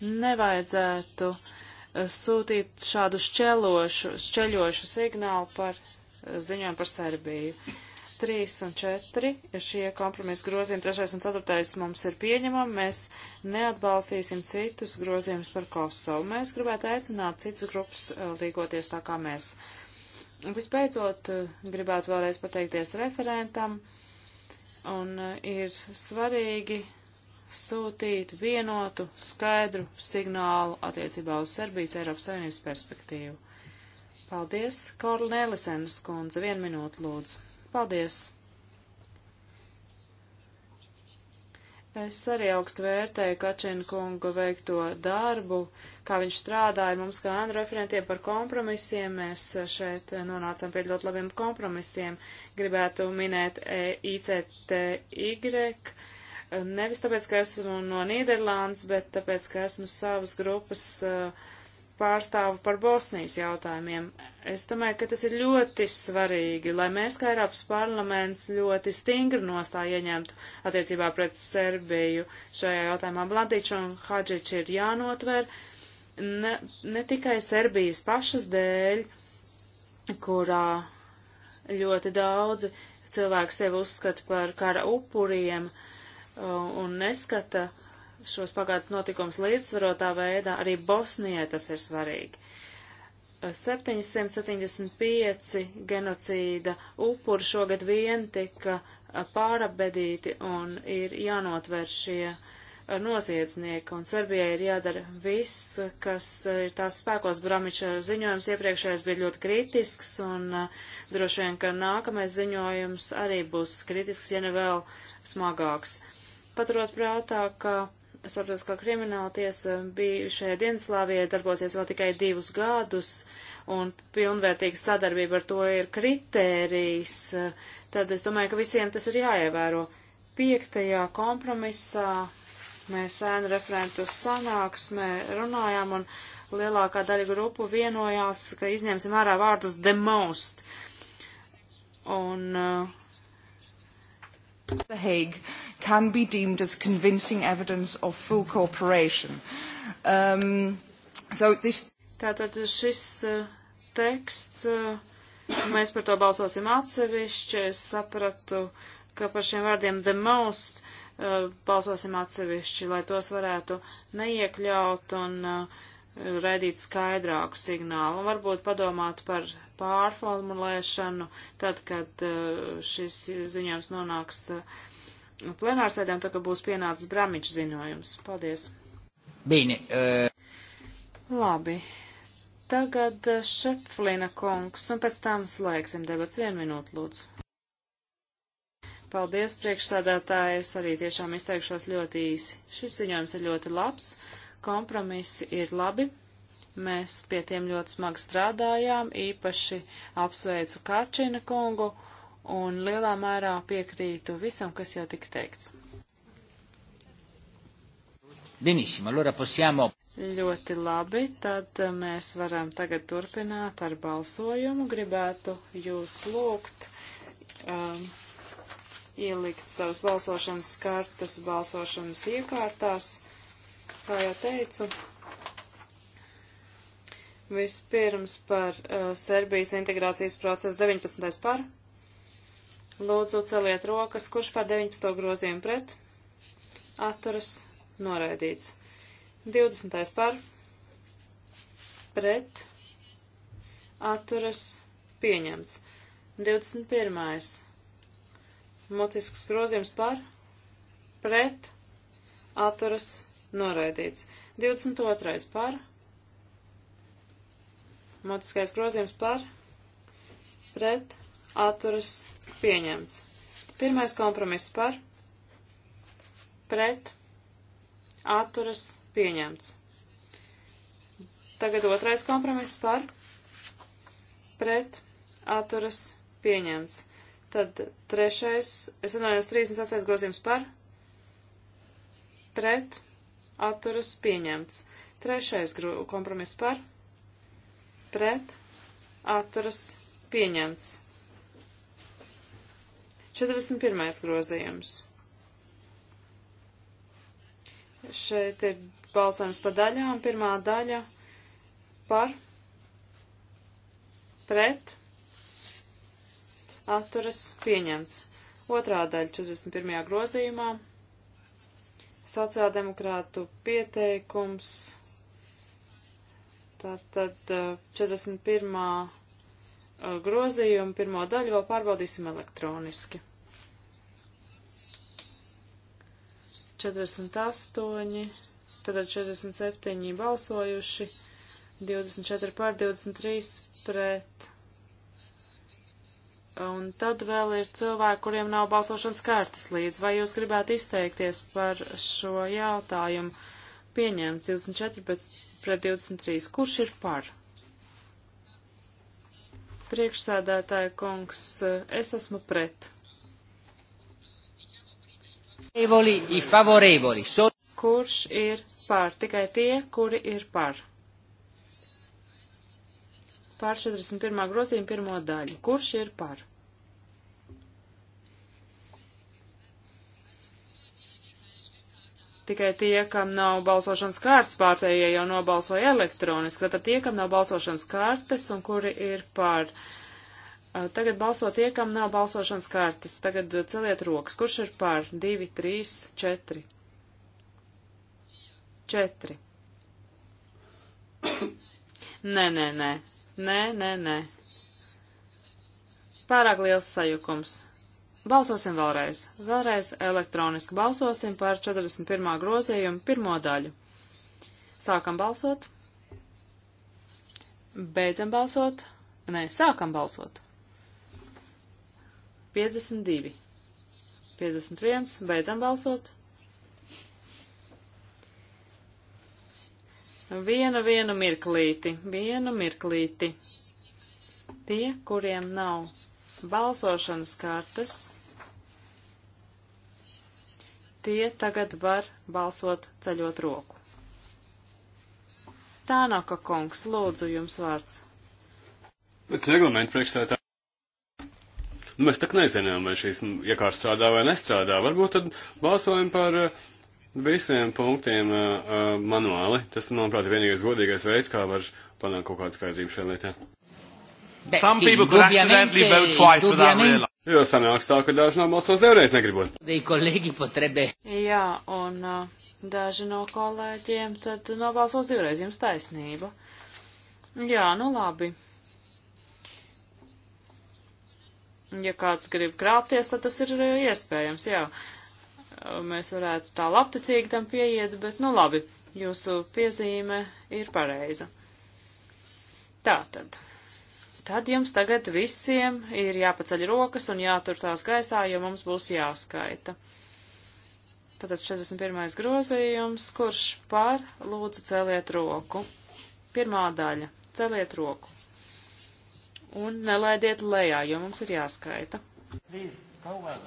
nevajadzētu eh, sūtīt šādu šķelošu, šķeļošu signālu par eh, ziņojumu par Serbiju. 3 un 4 ir šie kompromisa grozījumi, 3 un 4 mums ir pieņemami, mēs neatbalstīsim citus grozījumus par Kosovu. Mēs gribētu aicināt citas grupas eh, rīkoties tā kā mēs. Un vispēcot, gribētu vēlreiz pateikties referentam, un ir svarīgi sūtīt vienotu, skaidru signālu attiecībā uz Serbijas Eiropas Savienības perspektīvu. Paldies, Kornelisenas kundze, vienu minūtu lūdzu. Paldies! Es arī augstu vērtēju Kačina kungu veikto darbu, kā viņš strādāja mums kā Andru referentiem par kompromisiem. Mēs šeit nonācām pie ļoti labiem kompromisiem. Gribētu minēt e ICTY Nevis tāpēc, ka esmu no Nīderlandes, bet tāpēc, ka esmu savas grupas uh, pārstāvu par Bosnijas jautājumiem. Es domāju, ka tas ir ļoti svarīgi, lai mēs kā Eiropas parlaments ļoti stingri nostāju ieņemtu attiecībā pret Serbiju šajā jautājumā. Bladič un Hadžič ir jānotver ne, ne tikai Serbijas pašas dēļ, kurā ļoti daudzi cilvēki sevi uzskata par kara upuriem, uh, un neskata šos pagātnes notikums līdzsvarotā veidā, arī Bosnijai tas ir svarīgi. 775 genocīda upuri šogad vien tika pārabedīti un ir jānotver šie noziedznieki, un Serbijai ir jādara viss, kas ir tās spēkos. Bramiča ziņojums iepriekšējais bija ļoti kritisks, un droši vien, ka nākamais ziņojums arī būs kritisks, ja ne vēl smagāks. Uh, paturot prātā, ka starptautiskā krimināla tiesa bija šajā Dienaslāvijā darbosies vēl tikai divus gadus, un pilnvērtīga sadarbība ar to ir kritērijs, tad es domāju, ka visiem tas ir jāievēro. Piektajā kompromisā mēs ēnu referentu sanāksmē runājām, un lielākā daļa grupu vienojās, ka izņemsim ārā vārdus the most. Un uh, The Hague can be deemed as convincing evidence of full cooperation. Um, so this... Tātad šis uh, teksts, uh, mēs par to balsosim atsevišķi. Es sapratu, ka par šiem vārdiem the most uh, balsosim atsevišķi, lai tos varētu neiekļaut un uh, raidīt skaidrāku signālu un varbūt padomāt par pārformulēšanu, tad, kad uh, šis ziņojums nonāks uh, plenārsēdēm, tad, kad būs pienācis Gramiņš ziņojums. Paldies! Bīni! Uh... Labi. Tagad uh, Šepflina kungs, un pēc tam slēgsim debats vienu minūtu, lūdzu. Paldies, priekšsādātāji, es arī tiešām izteikšos ļoti īsi. Šis ziņojums ir ļoti labs. Uh, kompromisi ir labi. Mēs pie tiem ļoti smagi strādājām, īpaši apsveicu Kačina kungu un lielā mērā piekrītu visam, kas jau tika teikts. Benissimo, allora possiamo. Ļoti labi, tad mēs varam tagad turpināt ar balsojumu. Gribētu jūs lūgt um, ielikt savas balsošanas kartas balsošanas iekārtās Kā jau teicu, vispirms par uh, Serbijas integrācijas procesu 19. par. Lūdzu, celiet rokas, kurš par 19. grozījumu pret. Atturas noraidīts. 20. par. Pret. Atturas pieņemts. 21. Mutisks grozījums par. Pret. Atturas pieņemts noraidīts. 22. par, mutiskais grozījums par, pret, atturas, pieņemts. Pirmais kompromiss par, pret, atturas, pieņemts. Tagad otrais kompromiss par, pret, atturas, pieņemts. Tad trešais, es runāju, 36. grozījums par, pret, atturas pieņemts. Trešais kompromiss par, pret, atturas pieņemts. 41. grozījums. Šeit ir balsojums pa daļām. Pirmā daļa par, pret, atturas pieņemts. Otrā daļa 41. grozījumā sociāldemokrātu pieteikums. Tātad 41. Eh, eh, grozījumu pirmo daļu vēl pārbaudīsim elektroniski. 48, tātad 47 balsojuši, 24 pār 23 pret. Un tad vēl ir cilvēki, kuriem nav balsošanas kartes līdz. Vai jūs gribētu izteikties par šo jautājumu? Pieņēmts 24 pret 23. Kurš ir par? Priekšsēdētāja kungs, es esmu pret. Kurš ir par? Tikai tie, kuri ir par. Pār 41. grozījumu pirmo daļu. Kurš ir par? Tikai tie, kam nav balsošanas kārtas, pārējie jau nobalsoja elektroniski. Tātad tie, kam nav balsošanas kārtas un kuri ir par. Tagad balso tie, kam nav balsošanas kārtas. Tagad celiet rokas. Kurš ir par? 2, 3, 4. 4. Nē, nē, nē. Nē, nē, nē. Pārāk liels sajukums. Balsosim vēlreiz. Vēlreiz elektroniski balsosim par 41. grozījumu pirmo daļu. Sākam balsot. Beidzam balsot. Nē, sākam balsot. 52. 51. Beidzam balsot. Vienu, vienu mirklīti, vienu mirklīti. Tie, kuriem nav balsošanas kartes, tie tagad var balsot ceļot roku. Tānaka kungs, lūdzu jums vārds. Bet reglamentu priekšstādā. Nu, mēs tak nezinām, vai šīs iekārtas strādā vai nestrādā. Varbūt tad balsojam par uh, visiem punktiem uh, manuāli. Tas, manuprāt, ir vienīgais godīgais veids, kā var panākt kaut kādu skaidrību šajā lietā. Some people could accidentally vote twice without realizing. Jo sanāks tā, ka daži nobalsos divreiz negribot. Jā, un uh, daži no kolēģiem tad nobalsos divreiz jums taisnība. Jā, nu labi. Ja kāds grib krāpties, tad tas ir iespējams, jā. Uh, mēs varētu tā labticīgi tam pieiet, bet nu labi, jūsu piezīme ir pareiza. Tātad. Tad jums tagad visiem ir jāpaceļ rokas un jātur tās gaisā, jo mums būs jāskaita. Tātad 41. grozījums, kurš par lūdzu celiet roku. Pirmā daļa - celiet roku. Un nelaidiet lejā, jo mums ir jāskaita. Please, go well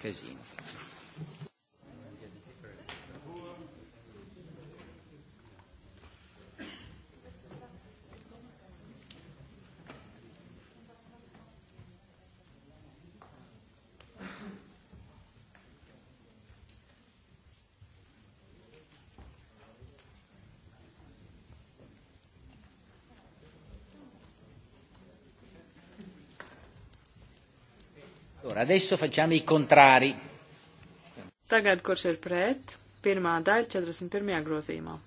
casino. Allora, adesso facciamo i contrari. Tagad, kurš ir pret? Pirmā daļa 41. grozījumā.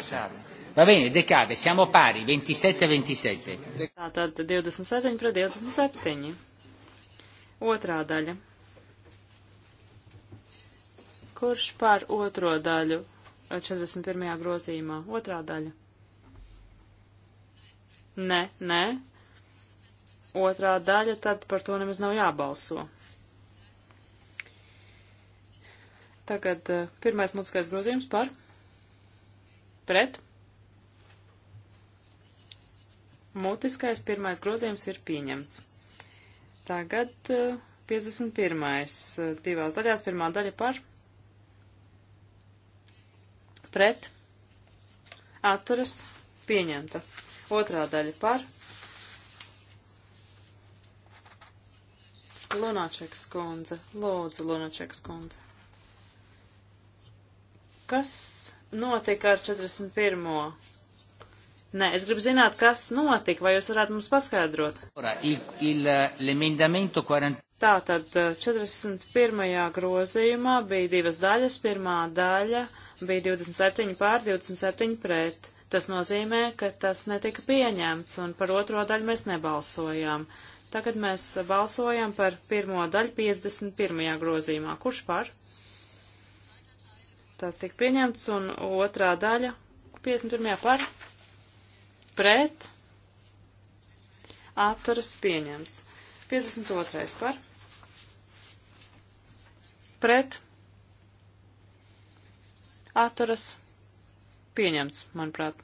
decade. Va bene, decade, siamo pari, 27 a 27. Tātad 27 pret 27. Otrā daļa. Kurš par otro daļu 41. grozījumā? Otrā daļa. Nē, nē. Otrā daļa, tad par to nemaz nav jābalso. Tagad eh, pirmais mutiskais grozījums par pret. Mutiskais pirmais grozījums ir pieņemts. Tagad 51. Eh, eh, divās daļās, pirmā daļa par, pret, atturas, pieņemta. Otrā daļa par, Lunačeks kundze, lūdzu, Lunačeks kundze. Kas notika ar 41. Nē, es gribu zināt, kas notika, vai jūs varētu mums paskaidrot? Tātad 41. Eh, grozījumā bija divas daļas. Pirmā daļa bija 27 pār 27 pret. Tas nozīmē, ka tas netika pieņemts, un par otro daļu mēs nebalsojām. Tagad mēs balsojam par pirmo daļu 51. grozījumā. Kurš par? Tas tika pieņemts, un otrā daļa 51. par pret atturas pieņemts. 52. par pret atturas pieņemts, manuprāt.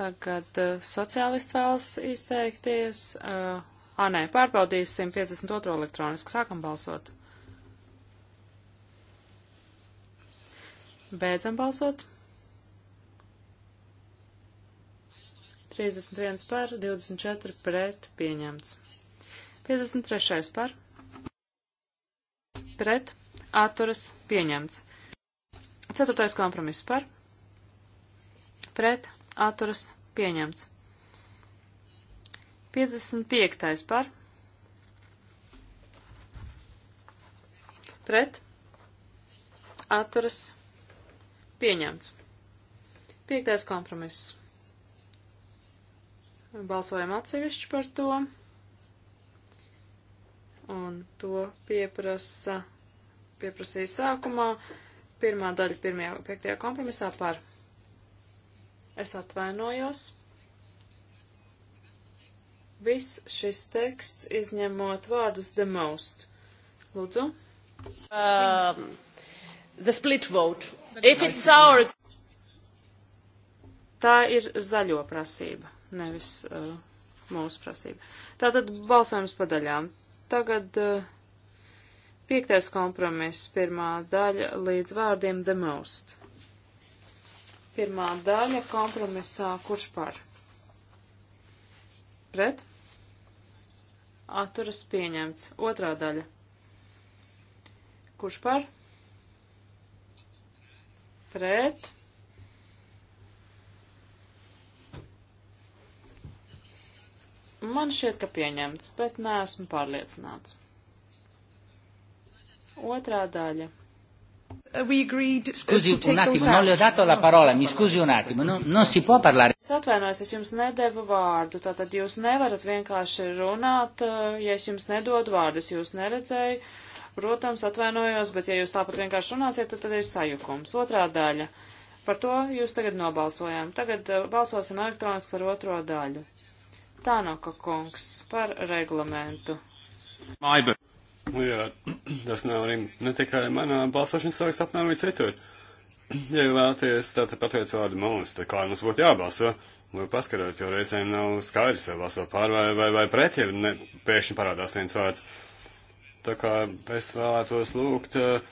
Tagad uh, sociālisti vēlas izteikties. Uh, eh, ā, ah, nē, pārbaudīsim 52. elektroniski. Sākam balsot. Beidzam balsot. 31 par, 24 pret, pieņemts. 53 par, pret, atturas, pieņemts. 4. kompromiss par, pret, atturas, pieņemts. 55. par, pret, atturas, pieņemts Pieņemts. Piektais kompromiss. Balsojam atsevišķi par to. Un to pieprasa, pieprasīja sākumā pirmā daļa pirmajā piektajā kompromisā par. Es atvainojos. Viss šis teksts izņemot vārdus the most. Lūdzu. Um, the split vote Our... Tā ir zaļo prasība, nevis uh, mūsu prasība. Tātad balsojums pa daļām. Tagad uh, piektais kompromiss, pirmā daļa līdz vārdiem the most. Pirmā daļa kompromisā, kurš par? Pret? Atturas pieņemts. Otrā daļa. Kurš par? pret. Man šķiet, ka pieņemts, bet neesmu pārliecināts. Otrā daļa. Uh, uh, scusi un attimo, non le ho dato la parola, mi scusi un attimo, non, non si può parlare. Es atvainojos, es jums nedevu vārdu, tātad jūs nevarat vienkārši runāt, uh, ja es jums nedodu vārdus, jūs neredzēju. Uh, Protams, atvainojos, bet ja jūs tāpat vienkārši runāsiet, tad, tad ir sajukums. Otrā daļa. Par to jūs tagad nobalsojām. Tagad uh, balsosim elektroniski par otro daļu. Tānoka kungs par reglamentu. Maiba. Nu jā, tas nav arī ne tikai manā balsošanas sarakstā apmēram citur. Ja vēlaties tātad pateikt vārdu mums, tad kā mums būtu jābalso? Vai paskarot, jo reizēm nav skaidrs, vai balso pār vai, vai, vai pret, ja ne, pēkšņi parādās viens vārds. Uh, Tā kā es vēlētos lūgt uh,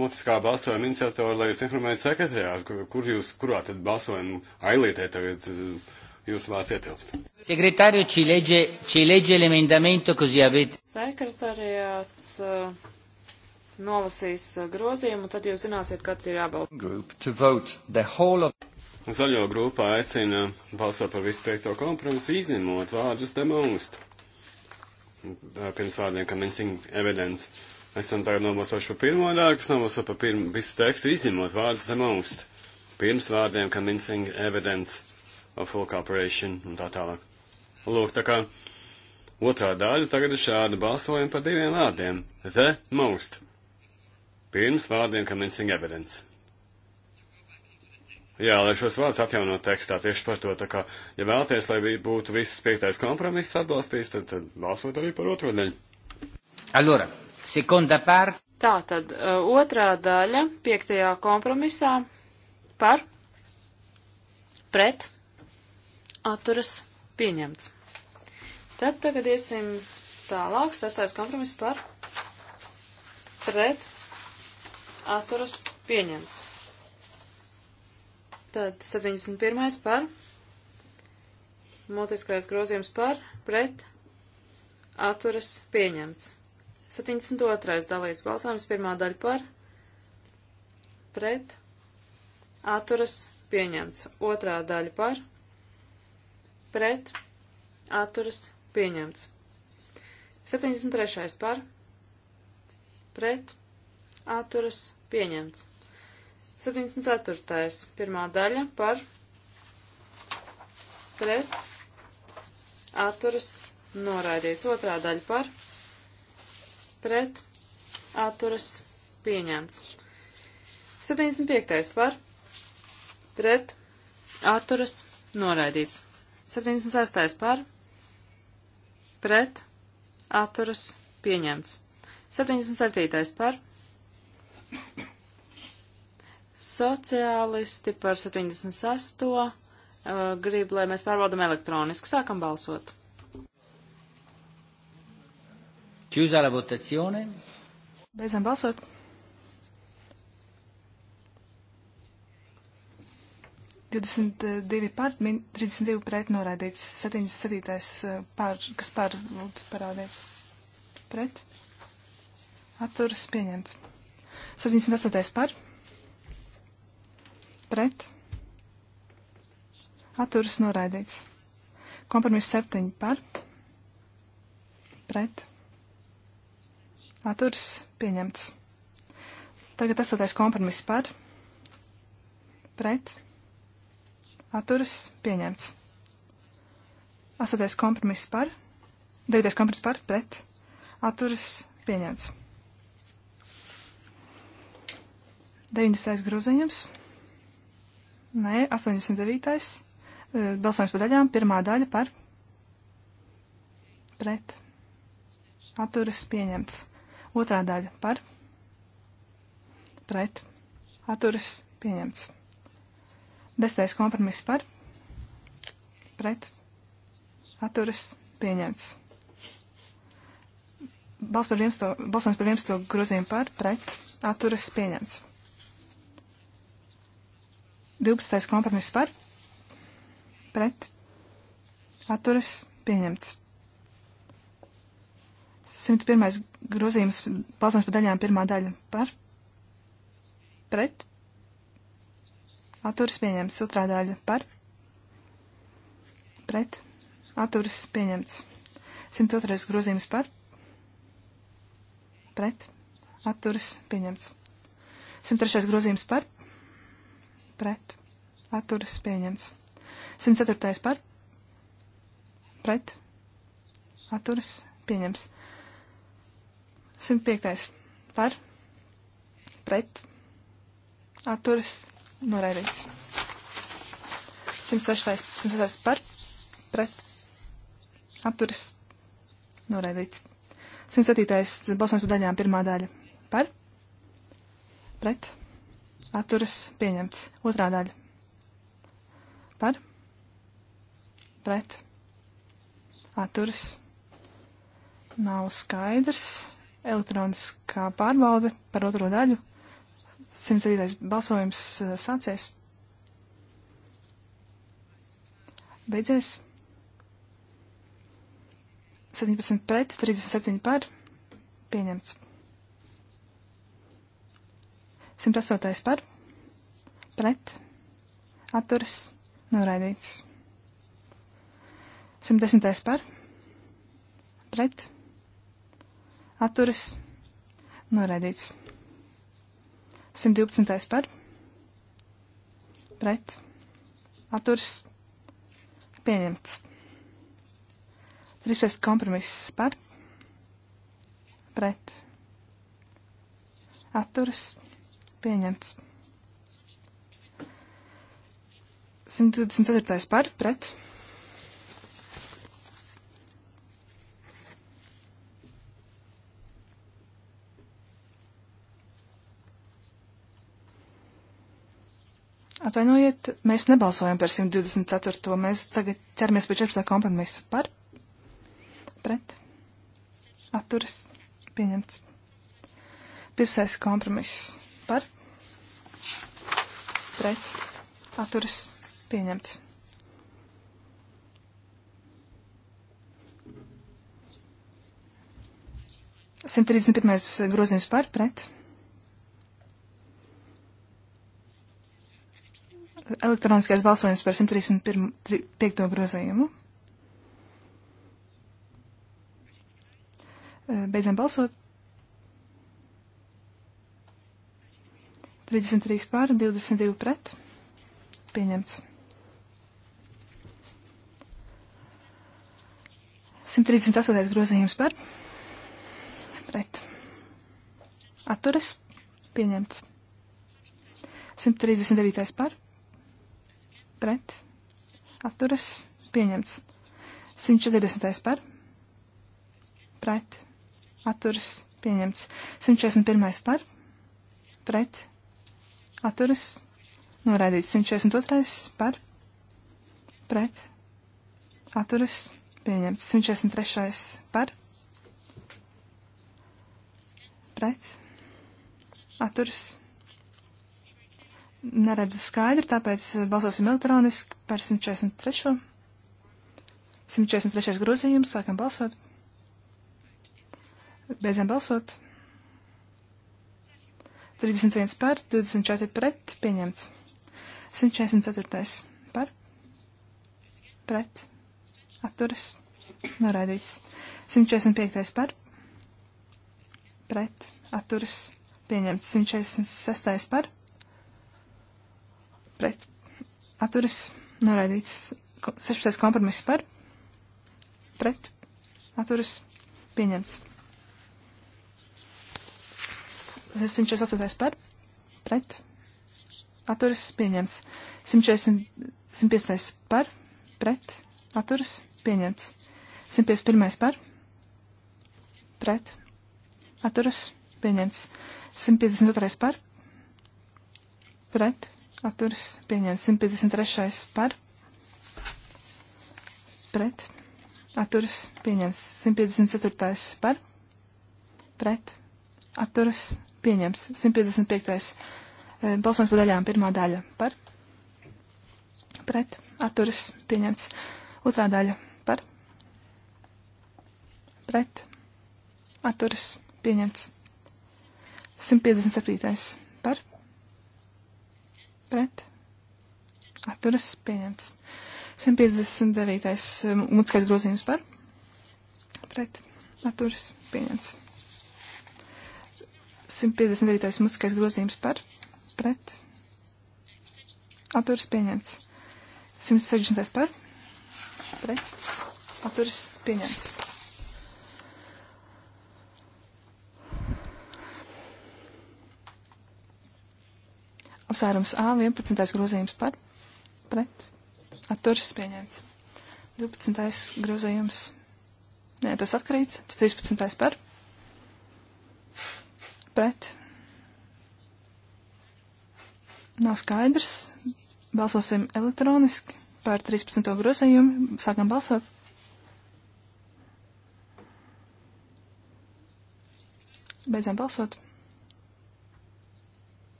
mutiskā balsojuma iniciatoru, lai jūs informētu sekretariātu, kur, kur jūs, kurā tad balsojuma ailītē tagad uh, jūs vārds ietilpst. Sekretāriju ci leģe, ci leģe elemendamento, kas jābūt. Sekretariāts uh, nolasīs grozījumu, tad jūs zināsiet, kad ir jābalso. Zaļo grupā aicina balsot par visu teikto kompromisu, izņemot vārdus demaustu pirms vārdiem convincing evidence. Es tam tagad nobalsošu par pirmo daļu, kas nobalso par pirmu, visu tekstu, izņemot vārdus the most. Pirms vārdiem convincing evidence of full cooperation un tā tālāk. Lūk, tā kā otrā daļa tagad ir šāda balsojuma par diviem vārdiem. The most. Pirms vārdiem convincing evidence. Jā, lai šos vārdus atjaunot tekstā tieši par to, tā kā, ja vēlaties, lai būtu viss piektais kompromiss atbalstīts, tad, tad balsot arī par otro daļu. Allora, seconda part. Tā tad uh, otrā daļa piektajā kompromisā par pret atturas pieņemts. Tad tagad iesim tālāk, sastais kompromiss par pret atturas pieņemts. Tad 71. par. Mutiskais grozījums par, pret, atturas pieņemts. 72. dalīts balsojums, pirmā daļa par, pret, atturas pieņemts. Otrā daļa par, pret, atturas pieņemts. 73. par, pret, atturas pieņemts. 74. pirmā daļa par pret atturas noraidīts. Otrā daļa par pret atturas pieņemts. 75. par pret atturas noraidīts. 76. par pret atturas pieņemts. 77. par pret Sociālisti par 78. Uh, grib, lai mēs pārbaudam elektroniski. Sākam balsot. Chiusa la votazione. Beidzam balsot. Divdesmit divi par, trīsdesmit divi pret noraidīts, septiņdesmit septītais uh, par, kas par, lūdzu, parādiet. Pret. Atturas pieņemts. Septiņdesmit astotais par pret, atturas noraidīts. Kompromiss 7 par, pret, atturas pieņemts. Tagad esoties kompromiss par, pret, atturas pieņemts. Esoties kompromiss par, devītais kompromiss par, pret, atturas pieņemts. 90. grozījums. Nē, 89. E, balsojums par daļām. Pirmā daļa par. Pret. Atturas pieņemts. Otrā daļa par. Pret. Atturas pieņemts. Desmitais kompromiss par. Pret. Atturas pieņemts. Balsojums par 11. grozījumu par. Pret. Atturas pieņemts. 12. kompromiss par, pret, atturas, pieņemts. 101. grozījums balsojums par daļām, pirmā daļa par, pret, atturas, pieņemts. Otrā daļa par, pret, atturas, pieņemts. 102. grozījums par, pret, atturas, pieņemts. 103. grozījums par, pret, atturas pieņemts. 104. par, pret, atturas pieņemts. 105. par, pret, atturas noraidīts. 106. 106. par, pret, atturas noraidīts. 107. balsojums par daļām, pirmā daļa par, pret, atturas pieņemts. Otrā daļa. Par, pret, atturas. Nav skaidrs. Elektroniskā pārbaude par otro daļu. 107. balsojums eh, sācies. Beidzies. 17 pret, 37 par. Pieņemts. 108. par, pret, atturas, noraidīts. 110. par, pret, atturas, noraidīts. 112. par, pret, atturas, pieņemts. 13. kompromiss par, pret, atturas, pieņemts pieņemts. 124. par pret. Atvainojiet, mēs nebalsojam par 124. Mēs tagad ķeramies pie 14. kompromisa par pret. Atturas pieņemts. 15. kompromiss par pret atturas pieņemts. Simt trīsdesmit pirmais grozījums par pret. Elektroniskais balsojums par 135. grozījumu. Beidzam balsot. 33 pār, 22 pret. Pieņemts. 138. grozījums par. Pret. Atturas. Pieņemts. 139. par. Pret. Atturas. Pieņemts. 140. par. Pret. Atturas. Pieņemts. 141. par. Pret atturas noraidīts 142 par pret atturas pieņemts 143 par pret atturas neredzu skaidri, tāpēc balsosim elektroniski par 143. 143. grozījums, sākam balsot. Beidzam balsot. 31 par, 24 pret, pieņemts. 144 par, pret, atturas, noraidīts. 145 par, pret, atturas, pieņemts. 146 par, pret, atturas, noraidīts. 16 kompromiss par, pret, atturas, pieņemts. 148. par, pret, atturas pieņemts. 145. par, pret, atturas pieņemts. 151. par, pret, atturas pieņemts. 152. par, pret, atturas pieņemts. 153. par, pret, atturas pieņemts. 154. par, pret, atturas pieņems. 155. E, balsojums par daļām. Pirmā daļa par. Pret. Atturas pieņemts. Otrā daļa par. Pret. Atturas pieņemts. 157. par. Pret. Atturas pieņemts. 159. E, mutiskais grozījums par. Pret. Atturas pieņemts. 159. mutiskais grozījums par, pret, atturas pieņemts. 160. par, pret, atturas pieņemts. Apsvērums A 11. grozījums par, pret, atturas pieņemts. 12. grozījums. Nē, tas atkrīt. 13. par, pret pret. Nav skaidrs. Balsosim elektroniski par 13. grozījumu. Sākam balsot. Beidzam balsot.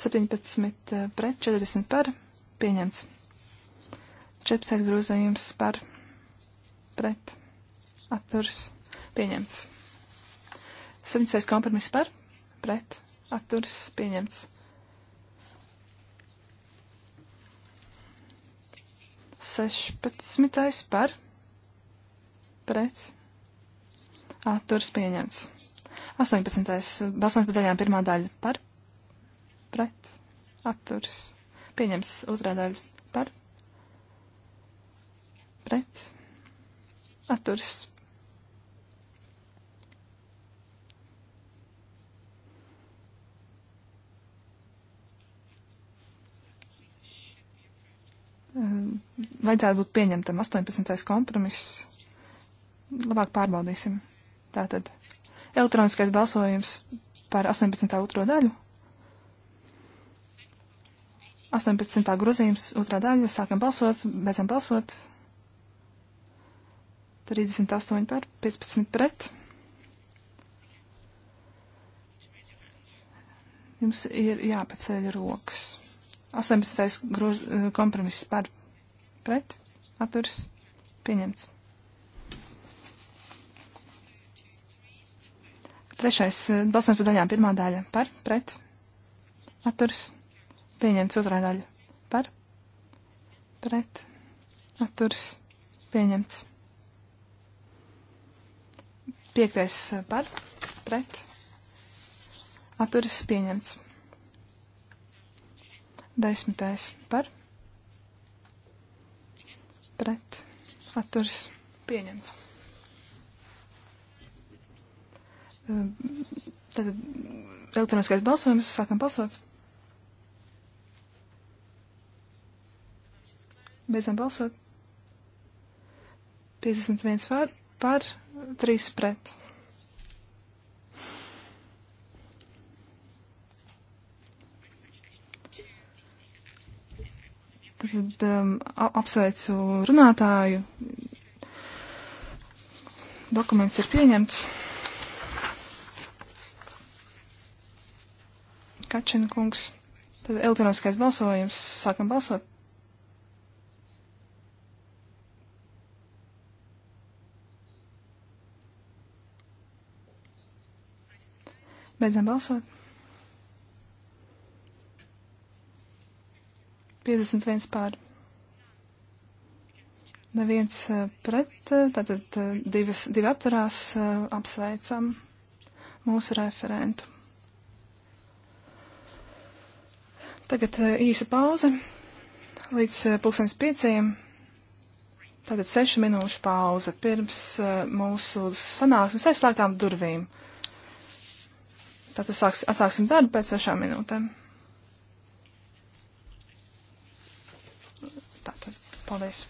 Septiņpadsmit eh, pret, četrdesmit par, pieņemts. Četrpadsmit grozījums par, pret, atturs pieņemts. 17. kompromiss par, pret, atturas, pieņemts. 16. par, pret, atturas, pieņemts. 18. balsojums par daļām pirmā daļa par, pret, atturas, pieņems otrā daļa par, pret, atturas, Ehm, vajadzētu būt pieņemtam 18. kompromiss. Labāk pārbaudīsim. Tātad elektroniskais balsojums par 18. otro daļu. 18. grozījums otrā daļa. Sākam balsot, beidzam balsot. 38 par 15 pret. Jums ir jāpaceļ rokas. 18. Grož, eh, kompromiss par pret atturas pieņemts. Trešais eh, balsojums par daļām. Pirmā daļa par pret atturas pieņemts. Otrā daļa par pret atturas pieņemts. Piektais eh, par pret atturas pieņemts. Desmitais par. Pret. Atturs. Pieņemts. Tātad elektroniskais balsojums. Sākam balsot. Beidzam balsot. 51 pār, pār 3 pret. Tad um, apsveicu runātāju. Dokuments ir pieņemts. Kačina kungs. Tad elektroniskais balsojums. Sākam balsot. Beidzam balsot. 51 pār. Neviens eh, pret, tātad eh, divas, divi atturās, eh, apsveicam mūsu referentu. Tagad īsa pauze līdz pusdienas pieciem. Tātad sešu minūšu pauze pirms mūsu sanāksmes aizslēgtām durvīm. Tātad sāks, atsāksim darbu pēc sešām minūtēm. Paldies!